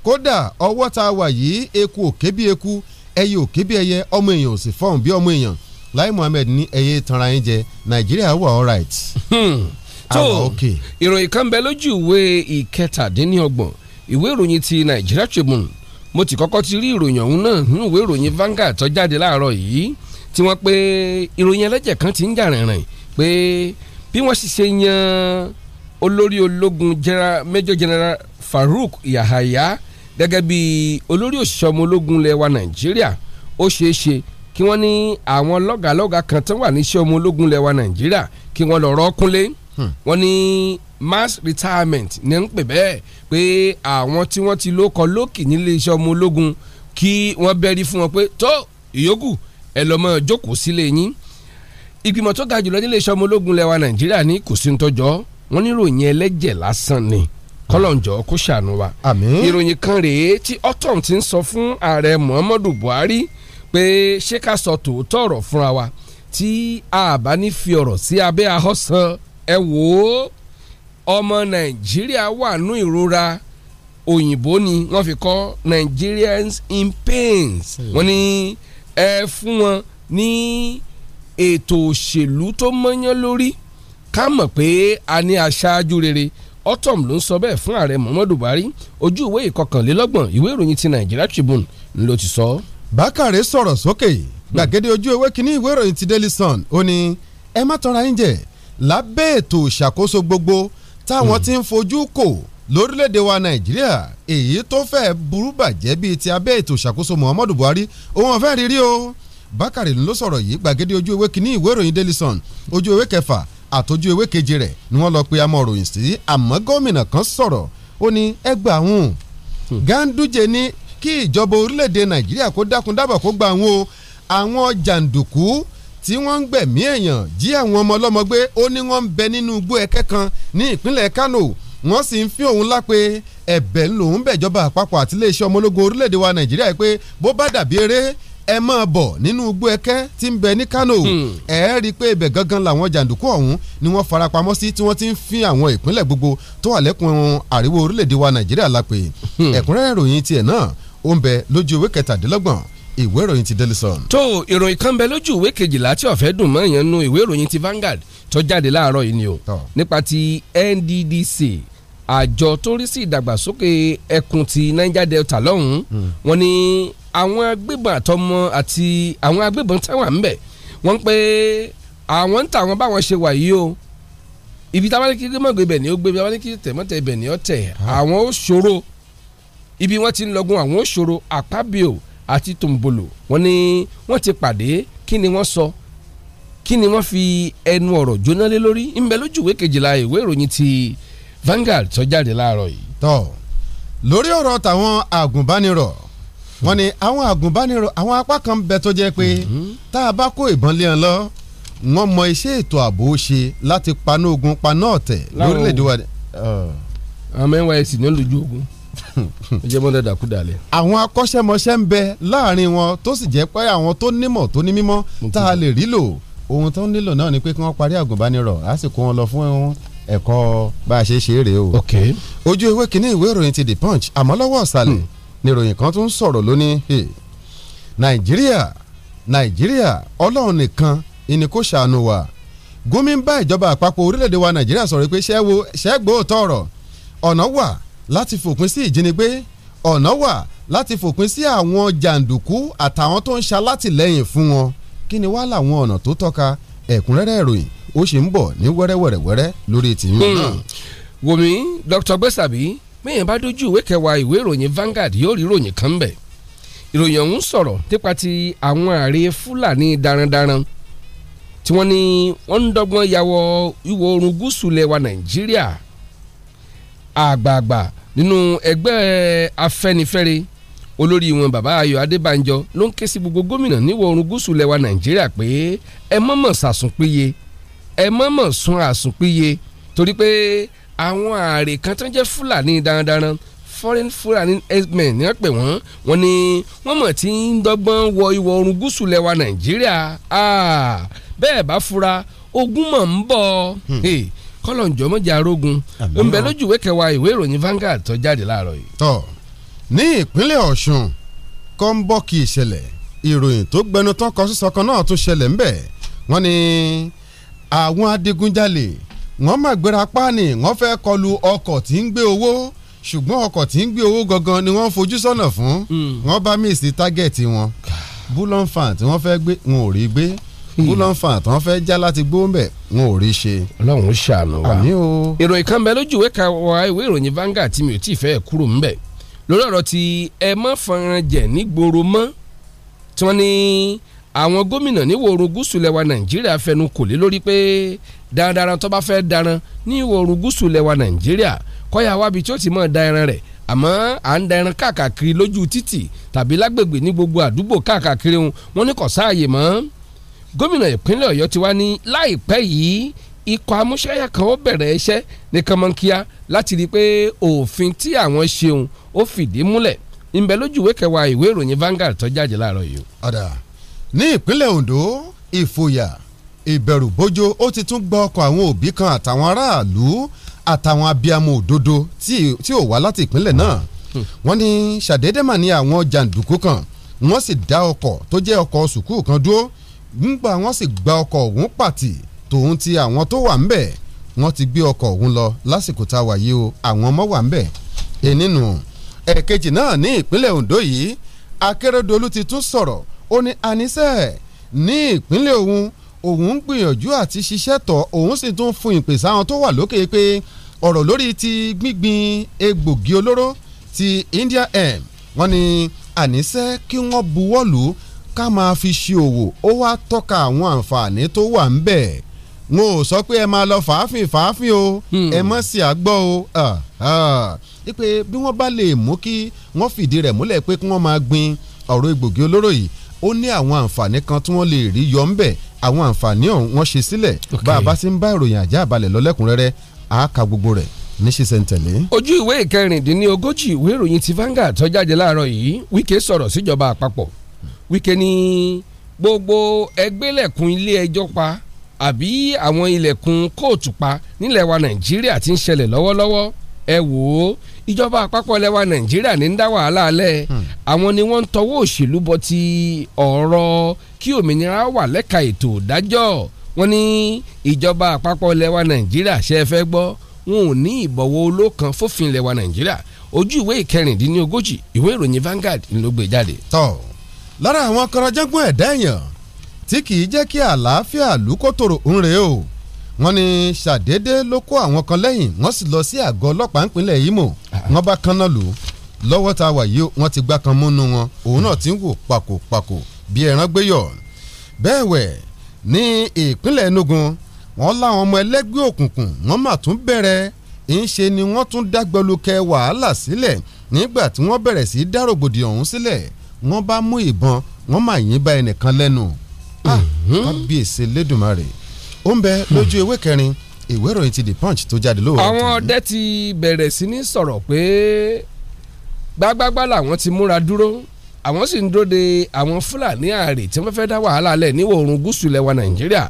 kódà ọwọ́ tá a wà yìí eku òkè bí eku ẹyẹ òkè bí ẹyẹ ọmọ èèyàn sì bí ọmọ èèyàn Lai Muhammed ní ẹyẹ tanra yín jẹ Nàìjíríà wà all right. tó hmm. ìròyìn kan bẹ lójú ìwé ìkẹtàdínníọgbọ̀n ìwé ìròyìn ti Nigeria Tribune mo ti kọ́kọ́ ti rí ìròyìn ọ̀hún náà nínú hmm, ìwé ìròyìn Vanguard tó jáde general Farouk Yahaya gẹ́gẹ́ bí olórí òṣìṣẹ́ ọmọ ológun lẹ́wà nàìjíríà ó ṣeé ṣe kí wọ́n ní àwọn lọ́gàlọ́gà kan tán wà níṣẹ́ ọmọ ológun lẹ́wà nàìjíríà kí wọ́n lọ́ọ́ rọ́ọ́kúnlé hmm. wọ́n ní mass retirement ní ń pè bẹ́ẹ̀ pé àwọn tí wọ́n ti ló kọ lókì nílé iṣẹ́ ọmọ ológun kí wọ́n bẹ́rí fún wọn pé tó ìyókù ẹ lọ́mọ jókòó sílé yín ìgbìmọ̀ tó ga jùlọ nílé iṣẹ́ ọmọ ológun lẹ́wà nàìjíríà ní kò sí ń tọ́jọ́ wọ́n níròyìn ẹlẹ́jẹ̀ lásán ni. Hmm kọ́lọ̀njọ́ kó ṣàánú wa. àmín. ìròyìn kan rèé tí otom ti ń sọ fún ààrẹ muhammadu buhari pé ṣé ká sọ tòótọ́ ọ̀rọ̀ fúnra wa tí a bá ní fi ọ̀rọ̀ sí abẹ́ ahọ́sàn ẹ wò ó ọmọ nàìjíríà wà nú ìrora òyìnbó ni wọ́n fi kọ́ nigerians in pains wọ́n ní ẹ fún wọn ní ètò òṣèlú tó mọ́yán lórí ká mọ̀ pé a ní aṣáájú rere otom ló ń sọ bẹ́ẹ̀ fún ààrẹ muhammadu buhari ojú ìwé ìkọkànlélọ́gbọ̀n ìwé ìròyìn ti nigeria tribune ló ti sọ. bákàrẹ́ sọ̀rọ̀ sókè hmm. gbàgede ojú ìwé kínní ìwé ìròyìn ti daily sun ó ní ẹ má tọra yín jẹ lábẹ́ ètò ìṣàkóso gbogbo táwọn hmm. ti ń fojú kò lórílẹ̀‐èdè wa nàìjíríà èyí tó fẹ́ burú bàjẹ́ bíi ti abẹ́ ètò ìṣàkóso muhammadu buhari òun ọ̀fẹ́ rírí o bákàrẹ́ ló sọ̀rọ̀ yìí gbàgede ojú ìwé kínní ìwé ìròyìn daily sun ojú ìwé kẹfà àtọ́jú ewé keje rẹ̀ ni wọ́n lọ pe amọ̀ròyìn sí àmọ́ gómìnà kan sọ̀rọ̀ ó ní ẹgbà àwọn Ganduje ní kí ìjọba orílẹ̀-èdè Nàìjíríà kó dákun dábàá kó gba àwọn o àwọn jàǹdùkú tí wọ́n ń gbẹ̀mí èèyàn jí àwọn ọmọ ọlọ́mọ gbé ó ní wọ́n ń bẹ nínú igbó ẹ̀kẹ́ kan ní ìpínlẹ̀ Kano wọ́n sì ń fi òun lápè ẹ̀bẹ̀ ńlòún bẹ̀jọba àpapọ̀ àtiléeṣẹ́ ọmọ ológun orílẹ̀-èdè wa Nàìjíríà pé bó bá dàbí eré ẹ máa bọ̀ nínú igbó ẹkẹ́ tí ń bẹ ní Kano hmm. ẹ rí i pé ibẹ̀ gangan làwọn jàǹdùkú ọ̀hún ni wọ́n farapamọ́ sí tí wọ́n ti ń fi àwọn ìpínlẹ̀ gbogbo tó wà lẹ́kùn àríwá orílẹ̀‐èdè wa Nàìjíríà lápè hmm. ẹ̀kúnrẹ́rẹ́ ìròyìn tiẹ̀ náà ó ń bẹ lójú ìwé kẹtàdínlọ́gbọ̀n ìwé ìròyìn ti Daily Sun. tó ìròyìn kan bẹ lójú ìwé kejìlá tí ọ̀fẹ́ dùn mọ́ ìyẹn nu ìwé ìròyìn ti Vanguard tó jáde láàárọ̀ yìí ni o nípa ti NDDC àjọ tó rí sí ìdàgbàsókè ẹkùn ti niger delta lọ́hùn-ún hmm. wọ́n ní àwọn agbébọn àtọmọ àti àwọn agbébọn táwọn à ń bẹ̀ wọ́n pé àwọn ń tà wọ́n báwọn ṣe wà yìí o ibi táwọn kí mọ̀gbẹ́ bẹ̀ ni ó gbé ibi táwọn kí tẹ̀mọ́tẹ̀ bẹ̀ ni ó tẹ̀ àwọn ó ṣòro ibi wọ́n ti ń lọ́gun àwọn ó ṣòro àpábíò àti tòǹbòlò wọ́n ní wọ́n ti pàdé kí ni wọ́n sọ kí ni wọ́n fi ẹnu ọ̀rọ̀ jóná lé lórí ń bẹ kejìlá ìwé ìròyìn ti. Vanguard tó jáde láàárọ̀ yìí. tọ́ lórí ọ̀rọ̀ tàwọn agùnbánirọ̀ wọ́n ní àwọn agùnbánirọ̀ àwọn apá kan bẹ tó jẹ́ pé mhm. tá a bá kó ìbọn lé wọn lọ wọ́n mọ iṣẹ́ ètò ààbò ṣe láti paná ogun paná ọ̀tẹ̀ lórílẹ̀‐èdè wa. àwọn NYSC ní olùjú ogun ó jẹ́ mọ́tò dàkúdàlẹ̀. àwọn akọ́ṣẹ́mọṣẹ́ ń bẹ láàrin wọn tó sì jẹ́ pé àwọn tó nímọ̀ tó ní mímọ̀ tá a lè rí lò ohun tó ń nílò náà ni pé kí wọ́n parí àgùnbánirọ̀ á wọn lọ fún ẹ̀kọ́ bá a ṣe ṣe é rèé o. ok ojú ewé kínní ìwé ìròyìn ti the punch àmọ́ lọ́wọ́ ọ̀sàlẹ̀ hmm. ni ìròyìn kan tún sọ̀rọ̀ lónìí nàìjíríà nàìjíríà ọlọ́run nìkan ìní kò ṣàánú wa Gumi bá ìjọba àpapọ̀ orílẹ̀-èdè wa nàìjíríà sọ̀rọ̀ pé ṣẹ́gbó tọ̀rọ̀ ọ̀nà wà láti fòpin sí ìjínigbé ọ̀nà wà láti fòpin sí àwọn jàǹdùkú àtàwọn tó ń ṣalátìlẹ́yìn fún wọn kí ni wàá làwọn ọ̀nà tó tọ́ka ẹ̀kúnrẹ́rẹ́ ìròyìn ó ṣì ń bọ̀ ní wẹ́rẹ́wẹ́rẹ́wẹ́rẹ́ lórí tìyún náà. Hmm. wòmí Dr. Gbèsàbí mẹ́yìn bá dójú ìwé kẹwàá ìwé ìròyìn Vanguard yóò rí ìròyìn kan bẹ̀ ìròyìn ọ̀hún sọ̀rọ̀ nípa ti àwọn ààrẹ Fúlàní darandaran tí wọ́n ní wọ́n ń dọ́gbọ́n ya wọ ìwọ̀ oòrùn gúúsù lẹwa Nàìjíríà àgbààgbà nínú ẹgbẹ́ Afẹ́nifẹ́re olórí wọn Baba Ayọ̀ Adébánjọ ló ń ké sí gbogbo gómìnà níwọ̀ oòrùn gúúsù lẹwa Nàìjíríà pé ẹ mọ̀mọ̀ sàsùn péye ẹ mọ̀mọ̀ sun àsùn péye torí pé àwọn ààrẹ kan tó ń jẹ́ Fúlàní darandaran foreign Fulani herdsmen ni wọ́n pè wọ́n wọ́n ní wọ́n mọ̀ tí ń dọ́gbọ́n wọ ìwọ̀ oòrùn gúúsù lẹwa Nàìjíríà bẹ́ẹ̀ bá fura ogun mọ̀ ń bọ̀ hmm. kọ́lọ̀ ń jọmọ́jà arógun ń bẹ lójú ìwé kẹwàá ìwé ìròyìn Vanguard tó jáde láàárọ̀ yìí ní ìpínlẹ̀ ọ̀ṣun kọ́ńbọ́ọ̀kì ìṣẹ̀lẹ̀ ìròyìn tó gbẹnu tán kọ sísọ kan náà tún ṣẹlẹ̀ ńbẹ̀ wọ́n ní àwọn adigunjalè wọ́n máa gbéra páàní wọ́n fẹ́ kọlu ọkọ̀ tí ń gbé owó ṣùgbọ́n ọkọ̀ tí ń gbé owó gangan ni wọ́n fojú sọ́nà fún hmm. wọ́n bá míìsì tágẹ́ẹ̀tì wọn búlọ́ǹfà tí wọ́n fẹ́ gbé wọn ò rí gbé hmm. búlọ́ǹfà tí wọ́n fẹ́ já láti gbó ńbẹ̀ wọn ò rí ṣe. ọlọ́run ṣàánú wa àmín o. ìròyìn kan bẹ lójú ìwé kan wà ìwé ìròyìn Vanguard tí mi ò tí ì fẹ́ kúrò ńbẹ̀ lórí ọ̀rọ̀ tí ẹ mọ́ fọ́nrán jẹ̀ nígboro mọ́ tí wọ́n ní àwọn gómìnà ní ìwòrùn gúúsù lẹwa nàìjíríà fẹnu kò lé lórí pé darandaran tó bá fẹ́ daran ní ìwòrùn gúúsù lẹwa nàìjíríà kọ́yà wábi tí ó ti mọ̀ da ẹran rẹ̀ àmọ́ à ń da ẹran káàkiri lójú títì tàbí lágbègbè ní gbogbo àdúgbò káàkiri wọn ní kò sáàyè mọ́ gómìnà ìpínlẹ̀ ọ̀yọ́ ti wá ní láìpẹ́ yìí ikọ̀ amúṣẹ́yà kan ó bẹ̀rẹ̀ iṣẹ́ ní kànmọ́nkíá láti rí i pé òfin tí àwọn ṣeun ó fìdí múlẹ̀ ńbẹ lójú ìwé kẹwàá ìwé ìròyìn Vanguard tó jáde láàárọ̀ yìí. ọ̀dà ní ìpínlẹ̀ Ondo ìfòyà ìbẹ̀rùbojo ó ti tún gbọ́ ọkọ̀ àwọn òbí kan àtàwọn aráàlú àtàwọn abiyamọ òdodo tí ò wá láti ìpínlẹ̀ náà hmm. wọ́n ní ṣàdédé mà ní àwọn jàǹdùkú kan wọ́n sì dá ọkọ̀ tó jẹ́ ọkọ̀ sùkúù kan dúró ńgbà wọ́n sì gba ọkọ̀ ọ̀hún pàtì tòun ti àwọn tó wà ńbẹ̀ wọ́n ti gbé ọkọ̀ ọ̀hún lọ lásìkò tá a wà yìí o àwọn ọmọ wà ńbẹ̀ ẹnìnú ẹ̀ẹ̀kejì náà ní ìpínlẹ̀ Ondo yìí Akérèdọ́lù ti tún sọ̀rọ̀ ó ní àníṣe ní ìpínlẹ̀ òun òun ń gbìyànjú àti ṣiṣẹ́ tọ̀ òun sì tún fún ìpèsè àwọn tó wà lókè pé ọ̀rọ̀ lórí ti gbígbin egbògi olóró ti India M wọ́n ní àníṣe kí wọ́n buwọ́lù ká máa fi ṣe òwò ó wá tọ́ka àwọn àǹfààní tó wà ń bẹ̀ẹ́ wọn ò sọ pé ẹ máa lọ fàáfin fàáfin o hmm. ẹ mọ̀ sí àgbọ̀ o ipe bí wọ́n bá lè mú kí wọ́n fìdí rẹ̀ múlẹ̀ pé kí wọ́n máa gbin ọ̀rọ̀ egbògi olóró yìí ó ní àwọn àǹfààní kan tí wọ́n lè rí yọ ń bẹ̀ àwọn àǹfààní ọ̀hún wọ́n ṣe sílẹ̀ bá a bá ti ń bá ìròyìn àjá àbálẹ̀ lọ́lẹ́kùnrẹ́rẹ́ àá ka gbogbo rẹ̀ ní ṣíṣe ń tẹ̀lé. ojú ìwé ìkẹrìndínlógójì ìwé ìròyìn ti Vanguard tó jáde láàárọ̀ yìí Wike sọ̀rọ̀ síjọba àpapọ̀ Wike ní gbogbo ẹgbẹ́lẹ̀kùn ilé ẹjọ́ pa àbí àwọn ilẹ̀kùn kóòtù pa nílẹ̀ wa nàìjíríà ti ń ṣẹlẹ̀ lọ́wọ́lọ́wọ́ ẹ wò ó ìjọba àpapọ̀ ilẹ̀ wa nàìjíríà ní ń dá wàhálà alẹ́ hmm. àwọn ni wọ́n ń tọwọ́ òṣèlú bọ ti ọ̀rọ̀ kí òmìnira wà lẹ́ka ètò ìdájọ́ wọ́n ní ìjọba àpapọ̀ ilẹ̀ nàìjíríà ṣe é fẹ́ gbọ́ wọn ò ní ìbọ̀wọ̀ olókan fófin ilẹ̀ nàìjíríà ojú ìwé ìkẹrìndínlógójì ìwé ìròyìn Vanguard ló gbé jáde. tọ́ lára àwọn akọrọjọ́gbọ́n ẹ̀dá èèyàn tí kì í jẹ́ kí àlàáfíà lùkòtòrò ń rèé o wọ́n ní ṣàdédé ló kó àwọn kan lẹ́yìn wọ́n sì lọ sí àgọ́ ọlọ́pàá ńpínlẹ̀ Imo wọ́n bá kánná lù ú lọ́wọ́ tá a wà yìí wọ́n ti gbá kan múnú wọn òun náà ti ń wò pàkópàkó bí ẹran gbé yọ̀ bẹ́ẹ̀ wẹ̀ ní ìpínlẹ̀ Enugu wọ́n láwọn ọmọ ẹlẹ́gbẹ́ òkùnkùn wọ́n mà tún bẹ̀rẹ̀ ń ni wọ́n tún dágbọ́lùkẹ́ wàhálà sílẹ̀ nígbà tí wọ́n bẹ̀rẹ̀ sí dárògbòdì ọ̀hún sílẹ̀ wọ́n bá mú ìbọn wọ́n mà yín bá ẹnìkan lẹ́nu Ah, mhm. kábíyèsí lẹ́dùnmarè ó ń bẹ hmm. lójú ewé kẹrin ìwé ìròyìn ti the punch tó jáde lóòrùn. àwọn ọdẹ ti bẹ̀rẹ̀ sí ní sọ̀rọ̀ pé gbágbágbá làwọn ti múra dúró àwọn sì ń dúró de àwọn fúlàní ààrẹ tí wọ́n fẹ́ dá wàhálà lẹ̀ ní oòrùn gúúsù lẹwa nàìjíríà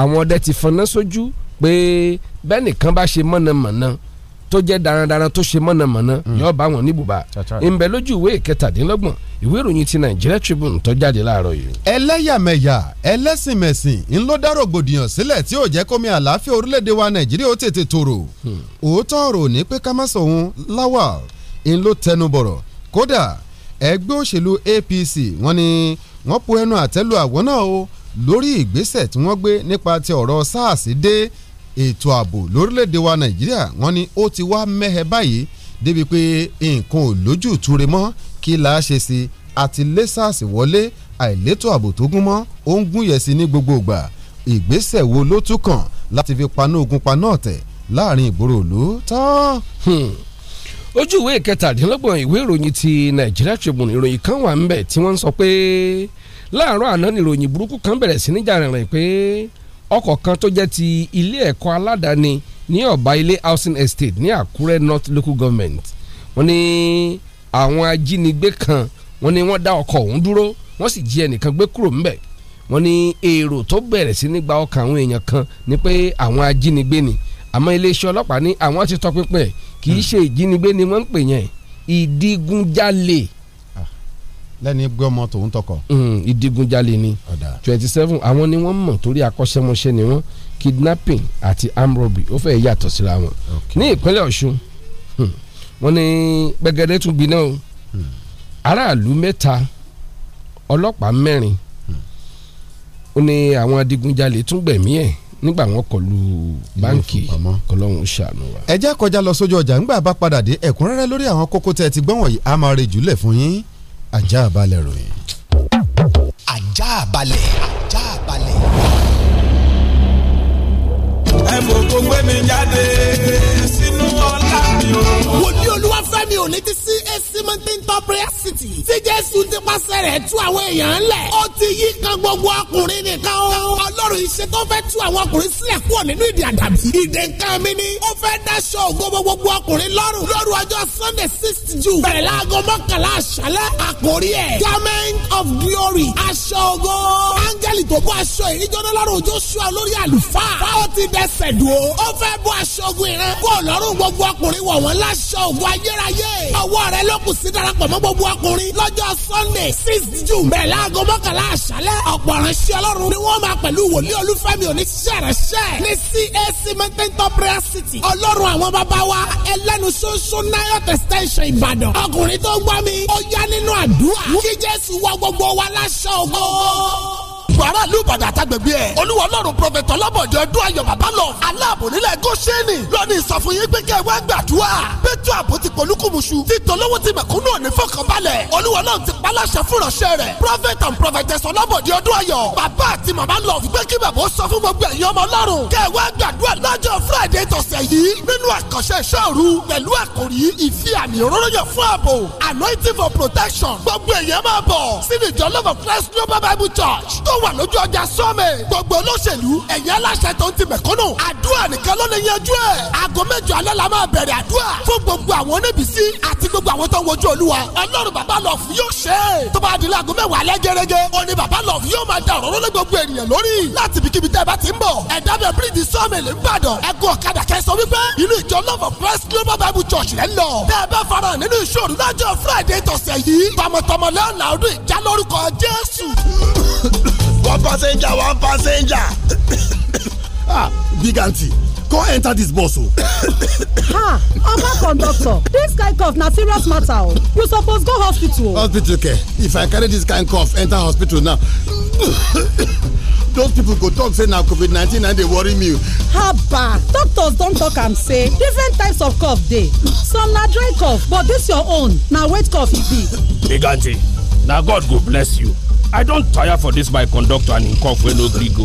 àwọn ọdẹ ti fọnná sójú pé bẹ́ẹ̀ nìkan bá ṣe mọ̀nàmọ̀nà tó jẹ́ darandaran tó ṣe mọ̀nàmọ́ná mm. yóò bá wọn níbùbá ìbẹ̀ lójú ìwé ìkẹtàdínlọ́gbọ̀n ìwé ìròyìn ti Nigeria Tribune tó jáde láàárọ̀ yìí. ẹlẹ́yàmẹ̀yà ẹlẹ́sìnmẹ̀sìn ń ló dá rògbòdìyàn sílẹ̀ tí ò jẹ́ kómi àlàáfíà orílẹ̀-èdè wa Nàìjíríà ó tètè tòrò. Hmm. òótọ́ ọ̀rọ̀ ní pé ká má sọ òun Lawal ń ló tẹnu bọ̀rọ̀ kódà ẹgbẹ́ òṣèlú APC wọ́n ní wọ́n po ẹnu àtẹ́lu àwọn náà o lórí ìgbésẹ̀ tí wọ́n gbé nípa ti ọ̀rọ̀ SARS dé ètò ààbò lórílẹ̀‐èdè wa nàìjíríà wọ́n ní ó ti wá mẹ́hẹ báyìí débi pé nǹkan ò lójú túre mọ́ kí là á ṣe sí àti lẹ́sàsì wọlé àìlétò ààbò tó gún mọ́ ó ń gún yẹ̀sí ní gbogbo ìgbà ìgbésẹ̀ wo ló tún kàn láti fi paná ogun paná ọ̀tẹ̀ láàrin ìgboro òlu tán. Hmm. ojú ìwé ìkẹtàdínlọ́gbọ̀n ìwé ìròyìn ti Nigeria Tribune ìròyìn kan wà ń bẹ̀ tí wọ́n ń sọ pé láàárọ̀ àná ni ìròyìn burúkú kan bẹ̀rẹ̀ sí níjà rìnrìn pé ọkọ̀ kan tó jẹ́ ti ilé ẹ̀kọ́ aládàáni ní ọ̀bá ilé housing estate ní àkúrẹ́ north local government wọ́n ní àwọn ajínigbé kan wọ́n ní wọ́n dá ọkọ̀ ọ̀hún dúró wọ́n sì jí ẹnìkan gbé kúrò ńbẹ̀ wọ́n ní èrò tó bẹ̀rẹ̀ sí ní gba ọkàn àwọn èèyàn kan ni pé àwọn ajínigbé ni àmọ́ iléeṣẹ́ ọlọ́pàá ní àwọn ti tọpinpin kì í hmm. ṣe ìjínigbé ni wọ́n ń pè yẹn ìdigunjalè lẹ́ni gbé ọmọ tòun tọkọ. Hmm, ìdígunjalè ni twenty seven àwọn ni wọ́n mọ̀ torí akọ́ṣẹ́mọṣẹ́ ni wọ́n kidnapping àti arm robbery ó fẹ́ yàtọ̀ síra wọn. ní ìpínlẹ̀ ọ̀ṣun hmm, wọ́n ní gbẹ̀gẹ́dẹ́ tún gbiná o hmm. aráàlú mẹ́ta ọlọ́pàá mẹ́rin ó ní àwọn adigunjalè tún gbẹ̀mí ẹ̀ nígbà wọn kọlu báǹkì kọlọ́hún ṣàánú wa. ẹ jẹ́ kọjá lọ sójú ọjà ńgbà bá padà dé ẹ̀kúnrẹ́rẹ́ lórí àwọn kókó tẹ́ ẹ ti gbọ́n wọ̀nyí a máa rejúlẹ̀ fún yín ajá balẹ̀ ròyìn. ajá balẹ̀ ajá balẹ̀ ẹ mọ̀ kó gbé mi jáde sínú ọlá mi o. wòlíì olúwafẹ́mi ò ní ti sí èsì mountain top prayer city tí jésù ti pàṣẹ rẹ̀ tú àwọn èèyàn ńlẹ̀ ó ti yí kan gbogbo ọkùnrin nìkan o. ọlọ́run iṣẹ́ tó fẹ́ tú àwọn ọkùnrin sílẹ̀ kúrò nínú ìdí àdàbí. ìdè nǹkan mi ni ó fẹ́ dáṣọ ògo gbogbo ọkùnrin lọ́rùn lóru ọjọ́ sunday sixth june bẹ̀rẹ̀ láago mọ́kànlá àṣálẹ́ àkórí ẹ̀ garment of glory aṣọ ògo. áńgẹ́lì tó kó aṣọ ìríjọ́nà lọ́rùn ojú ṣọ́ lórí àlùfáà. báwo ti dẹ̀ sí fẹ̀dùn o. ó fẹ́ bọ́ aṣogun ìran. kó lọ́rùn gbogbo ọkùnrin wọ̀ wọ́n láṣọ ògùn ayérayé. ọwọ́ rẹ ló kù sí darapọ̀ mọ́ gbogbo ọkùnrin. lọ́jọ́ sunday six june bẹ̀rẹ̀ láago mọ́kànlá àṣálẹ́. ọ̀pọ̀ ìránṣẹ́ ọlọ́run ni wọ́n máa pẹ̀lú wòlíì olúfẹ́mi oníṣẹ́ ìránṣẹ́. ní cac mountain top prayer city. ọlọ́run àwọn bàbá wa ẹlẹ́nu ṣoṣo nayot extension ìbàdàn. ọkùnrin tó gbọ́ mi ó yá nínú àdúrà. kí jésù wọ gbogbo wa láṣọ ògùn gbogbo aráàlú ìbàdàn àtàgbègbè ẹ̀ olúwa ọlọ́run pọfẹtọ̀ lọ́bọ̀jọ́ ẹdún ayọ̀ bàbá lọ aláàbò nílẹ̀ gọ́ṣẹ́nì ìsọfún yín pé kẹ́ ẹ wá gbàdúrà bẹ́tù àbò ti pọ̀lúkùmùsù ti tọ́lọ́wọ́ ti mẹ̀kúnnù òní fọkànbalẹ̀ olúwa ọlọ́run ti paláṣẹ fún ìránṣẹ́ rẹ̀ prophet and prophetess ọlọ́bọ̀dé ọdún ayọ̀ àti màmá lọ wípé kí bàbá ó sọ fún gbogbo ẹ̀yin ọmọ ọlọ́run kẹ́ ẹ wá gbàdúrà lọ́jọ́ friday tọ̀sẹ̀ yìí nínú àkànṣe ìṣọ́ọ̀rù pẹ̀lú àkòrí ìfi àmì òróró fún ààbò anointing for protection gbogbo ẹ̀yẹ́ máa bọ̀ sínú ìjọ love Christ global bible church tó wà lójú ọjà sọ́ọ̀mẹ̀ gbogbo olóṣèlú ẹ̀yìn aláṣẹ tó ń ti mẹ̀kọ́nù àdúrà nìkan ló lè yanjú ẹ̀ aago mẹ́jọ alẹ́ la máa bẹ̀rẹ̀ àdúrà fún gbogbo àwọn oníbísí àti gbogbo àwọn tó ń wojú olúwa ọlọ́run bàbá lọ fún yóò ṣe é tó bá di láago mẹ́wàá alẹ́ gẹ́gẹ́ òní bàbá lọ fún yóò máa da òróró lé gbogbo ènìyàn lórí láti ibikíbi tẹ́ ẹ bá ti ń bọ̀ ẹ̀dá bẹ̀ bíríìjì sọ́ọ̀mẹ̀ lè ń bàdàn ẹ̀gùn ọ̀kadà kẹ́ sọ wípé love of Christ global bible church rẹ̀ ń lọ tẹ́ ẹ bá fara friday tọ̀sẹ̀ yìí tọmọtọmọ lẹ́ọ̀nà ọdún ìjà lórúkọ one passenger one passenger [coughs] ah big aunty come enter this bus o. [coughs] ah oga conductor dis kain cough na serious matter o you suppose go hospital hospital care if i carry dis kain cough enter hospital now [coughs] those people go talk say na covid nineteen na dey worry me. haba doctors don talk am say different types of cough dey some na dry cough but dis your own na wet cough e be. big aunty na god go bless you i don tire for this, my conductor and im cough wey no gree go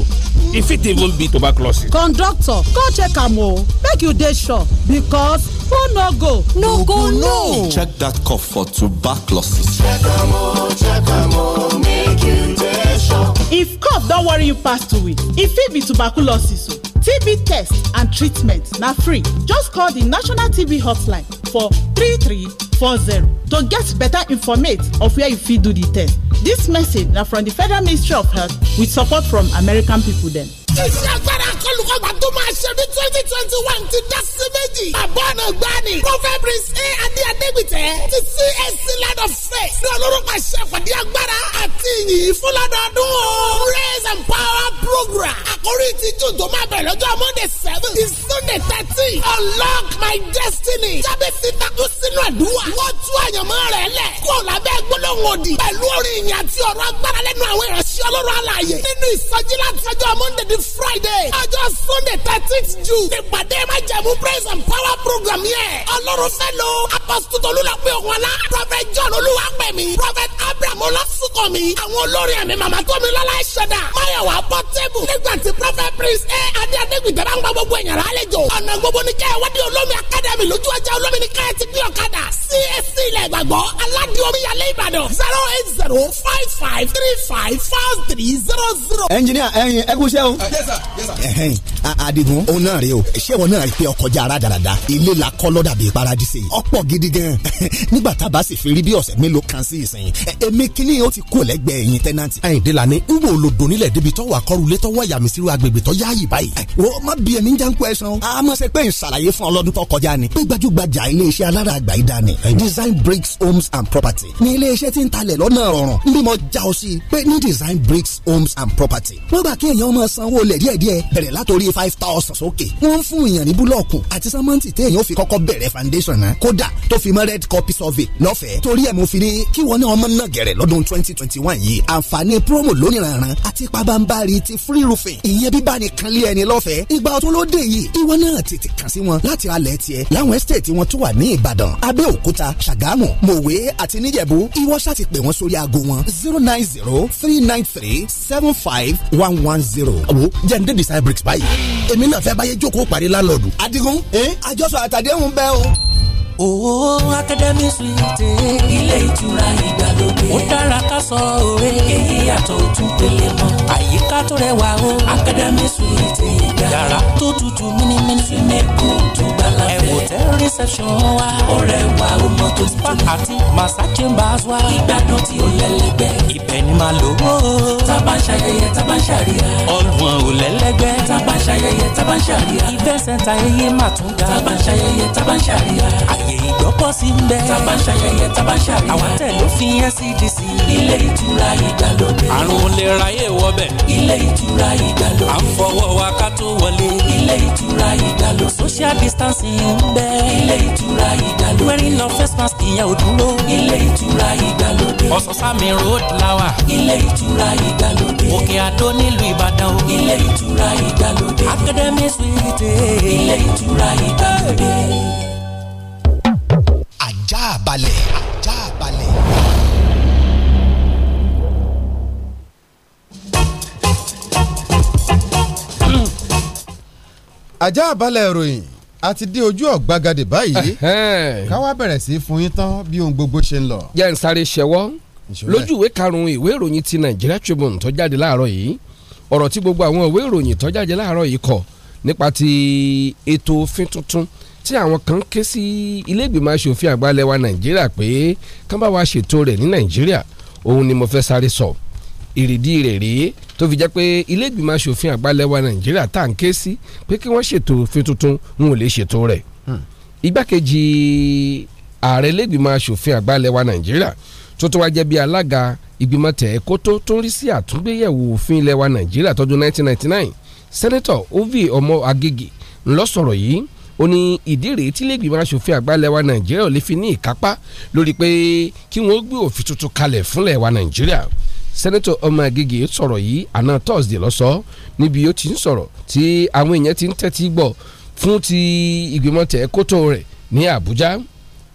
e fit even be tuberculosis conductor go check am o make you dey sure because phone no go no go no check dat cough for tuberculosis check am o check am o make you dey sure if cough don worry you pass to week e fit be tuberculosis o TB test and treatment na free. Just call the National TB Hotline for 33 40 to get better informate of where you fit do the test This message na from the federal ministry of health with support from american people. dem. iṣẹ́ agbára ọgbà tó máa ṣe ní twenty twenty one ti dá sí méjì. bàbá ọ̀nà gbani prophet prince a adé adégbìtẹ́ ti CAC land of faith ní olórúkọ àṣàpàdé agbára àti ìyìn fúnlọ́dọọdún o. praise and power program àkórí ìtìjú tó máa bẹ̀rẹ̀ lọ́jọ́ monday seven is sunday thirteen unlock my destiny jábẹ́ fi takú sínú àdúrà wọ́n tú àyànmọ́ rẹ̀ lẹ̀ kó o lábẹ́ gbólóhùn òdì pẹ̀lú orin ìyìn àti ọ̀rọ̀ agbára lẹ́nu àwọn ìránṣẹ́ ọlọ́run alààyè nínú ìsọjí láti ọjọ́ monday to friday ọjọ́ sunday thirteenth june ti pàdé májẹ̀mú praise and power program yẹn. ọlọ́run fẹ́ lo apọ́sítọ́tò olùlàpẹ̀ ògùnlá prophet john olúwàpẹ̀mí prophet abraham ọlásùnkànmí àwọn olórin ẹ̀mí màmá tómi lọ́lá ẹ̀ṣẹ̀dá máyọ̀wá pọ́tẹ́bù nígbà tí prophet prince ẹ adé adégbìtẹ́ bá ń gba gbogbo ẹ̀yàn lálejò ọ̀nà gbogbo ní kẹ́ ẹ̀ wádìí olómi academy lójú ọjà olómi ní káyọ̀ ti gbé ọ̀kadà csc ilẹ̀ ìgbàgbọ́ aládìí omi yàlẹ́ ìbàdàn zero eight zero five five three five four three zero zero. ẹnjìníà ẹyin ẹkúṣẹ́ uh, yes sir adigun òun náà rè o ṣé wọn náà rí pé ọkọjá ara dáradá ilé la kọ́ lọ́dà bíi paradise ọ̀pọ̀ gidi gan [laughs] nígbà tá a bá sì fi rí bí ọ̀sẹ̀ mélòó kan sí ìsìn èmi kíní ó ti kú lẹ́gbẹ̀ẹ́ yín tẹ́nanti. Àyìndé la ni n wo lo donílẹ̀ débi tọ́wọ́ akọ́rùlé tọ́wọ́ yàmísírù agbègbè tọ́ yáàyè báyìí. wọ́n má bí ẹni jẹ́ ń kó ẹ̀sán. a máa ṣe pé n ṣàlàyé fún ọlọ́dún tó kọjá ni. pé gbajúgbajà iléeṣẹ́ alára àgbà design bricks homes and property. ní iléeṣẹ́ tí ń talẹ̀ lọ́nà ọ̀ràn ń bí mo já ọ sí design bricks homes and property. wọ́n gbà kí èèyàn máa sanwó lẹ̀ látòrí five thousand sókè wọ́n ń fún èèyàn ní búlọ́ọ̀kù àti sámọ́ǹtì téèyàn ó fi kọ́kọ́ bẹ̀rẹ̀ foundation náà kódà tó fi mọ́ red copy survey lọ́fẹ̀ẹ́ torí ẹ̀ mo fi ní kí wọ́n ní ọmọ náà gẹ̀rẹ̀ lọ́dún twenty twenty one yìí àǹfààní promo lóníranran àti pabambari ti free roofing ìyẹn bíbá ni kan lé ẹni lọ́fẹ̀ẹ́ ìgbà ọ̀tún ló dé yìí ìwọ náà tètè kàn sí wọn láti alẹ̀ tiẹ̀ láwọn estate wọn tó wà ní Ìbàdàn Abẹ́òkúta Ṣàgámù Mòwe àti níjẹ̀bú ìwọ ṣáà pè wọ́n sórí aago wọn zero nine zero three nine three seven five one one zero. àwo jẹ́ ǹdẹ́ design bricks báyìí èmi náà fẹ́ báyé jókòó parí lánàdù. adigun àjọsọ àtàdéhùn bẹ́ẹ̀ o. Owó Akademi Suite. Ilé ìtura ìgbàlódé. Ó dára ká sọ òwe. Èyí yàtọ̀ ojú pele mọ́. Àyíká tó rẹwà o. Akademi Suite Yàrá tó tutù mímímí. Súnmẹ́kù tó gbàlá hotel reception wa. ọ̀rẹ́ wa o mọ tó ti tó. àti massage chambers wa. ìgbádùn tí ó lẹ́lẹ́gbẹ́. ibẹ̀ ni màá lò ó. taba ń ṣayẹyẹ taba ń ṣàríyá. ọlùwọ̀n ò lẹ́lẹ́gbẹ́. taba ń ṣayẹyẹ taba ń ṣàríyá. event center eye máa tún ga. taba ń ṣayẹyẹ taba ń ṣàríyá. àyè ìgbọ́kọ̀ sí ń bẹ. taba ń ṣayẹyẹ taba ń ṣàríyá. àwọn tẹ̀ ló fi NCDC. ilé ìtura ìdàlódé. àrùn lè ráyè wọbẹ̀. ilé ìtura ìdàlódé. à ń fọwọ́ wa ká tó wọlé. ilé ìtura ìdàlódé. social distancing bẹ̀. ilé ìtura ìdàlódé. wearing no face mask ìyẹn ò dúró. ilé ìtura ìdàlódé. ọ̀sánsámi road lawa. ilé ìtura ìdàlódé. òkè àdó nílùú ìbàdàn o. ilé ìtura ìdàlódé. academy suite. ilé ìtura ìdàlódé. ajá balẹ̀ ajá balẹ̀. Hmm. ajá balẹ̀ ìròyìn a ti dé ojú ọ̀gbagadè báyìí káwá bẹ̀rẹ̀ sí fún yín tán bí ohun gbogbo ṣe ń lọ. jẹ́ n sáré ṣẹwọ́ lójú ìwé karùn-ún ìwé ìròyìn ti Nigeria Tribune tó jáde láàárọ̀ yìí ọ̀rọ̀ tí gbogbo àwọn ìwé ìròyìn tó jáde láàárọ̀ yìí kọ nípa ti ètò òfin tuntun tí àwọn kan ké sí ilégbèmọ̀ aṣòfin àgbà lẹwa Nàìjíríà pé kán bá wa ṣètò rẹ̀ ní Nàìjíríà òun ni mo fẹ́ sáré sọ ìrìdí rẹ̀ rèé tó fi jẹ́ pé ilé ìgbìmọ̀ asòfin àgbà lẹ́wà nàìjíríà tá à ń ké sí pé kí wọ́n ṣètò òfin tuntun n ò lè ṣètò rẹ̀ hmm. igbákejì ààrẹ ilé ìgbìmọ̀ asòfin àgbà lẹ́wà nàìjíríà tó tó wá jẹ́ bí alága ìgbìmọ̀ tẹ̀ tó ń rí sí àtúngbéyẹ̀wò òfin lẹ́wà nàìjíríà tọdún 1999 sẹ́nẹ́tọ̀ ovi ọmọ agége ńlọ sọ̀rọ̀ yìí ó ní ìdí rèé tí lẹ́gbìmọ̀ asòfin àgbà lẹ́wà nàìjíríà ò lè fi ní ìkápá lórí pé kí wọ́n gbé òfin tuntun kalẹ̀ fúnlẹ̀ wa nàìjíríà sẹ́nẹ́tọ̀ Ọmọgége sọ̀rọ̀ yìí àná Thursday lọ́sọ̀ níbi ó ti ń sọ̀rọ̀ tí àwọn èèyàn ti ń tẹ́tí gbọ́ fún ti ìgbìmọ̀ tẹ̀ kótó rẹ̀ ní Àbújá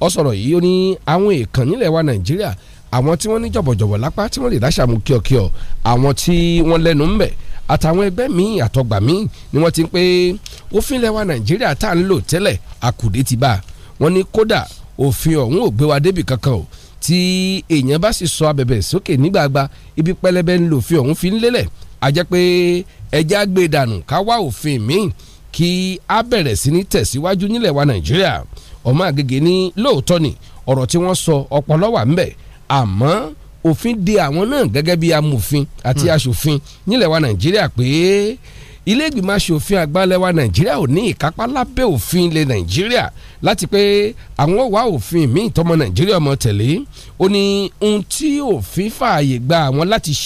ó sọ̀rọ̀ yìí ó ní àwọn èèkàn nílẹ̀ wa Nàìjíríà àwọn tí wọ́n ní jọ̀bọ̀jọ̀bọ̀ lápá tí wọ́n lè dáṣàmú kíọ̀kíọ̀ àwọn tí wọ́n lẹ́nu ń bẹ̀ àtàwọn ẹgbẹ́ míì àtọgbà míì ni wọ́n ti ń pé òfin ilẹ̀ wa Nàìjíríà tá à ń lò tẹ́lẹ̀ àkùdé ti bá wọn ní kódà òfin ọ̀hún ò gbé wa débì kankan o tí èèyàn bá sì sọ abẹ̀bẹ̀ sókè nígbàgbà ibi pẹlẹbẹ ń lòfin ọ̀hún fi ń lélẹ̀ a jẹ́ pé ẹjẹ́ àgbè dànù ká wá òfin míì kí a bẹ̀rẹ̀ sí ní tẹ̀síwájú nílẹ̀ wa nàìjíríà ọmọ àgègè ní lóòótọ́ ni ọ̀rọ̀ tí wọ́n sọ ọpọlọ wà ń bẹ àmọ́ òfin de àwọn náà gẹ́gẹ́ bí amòfin àti hmm. aṣòfin nílẹ̀ wa nàìjíríà pé ilé ìgbìmọ̀ asòfin àgbà lẹwa nàìjíríà ò ní ìkápá lábẹ́ òfin ilẹ̀ nàìjíríà láti pé àwọn wá òfin míì tọmọ nàìjíríà ọmọ tẹ̀lé ó ní ohun tí òfin fààyè gba àwọn láti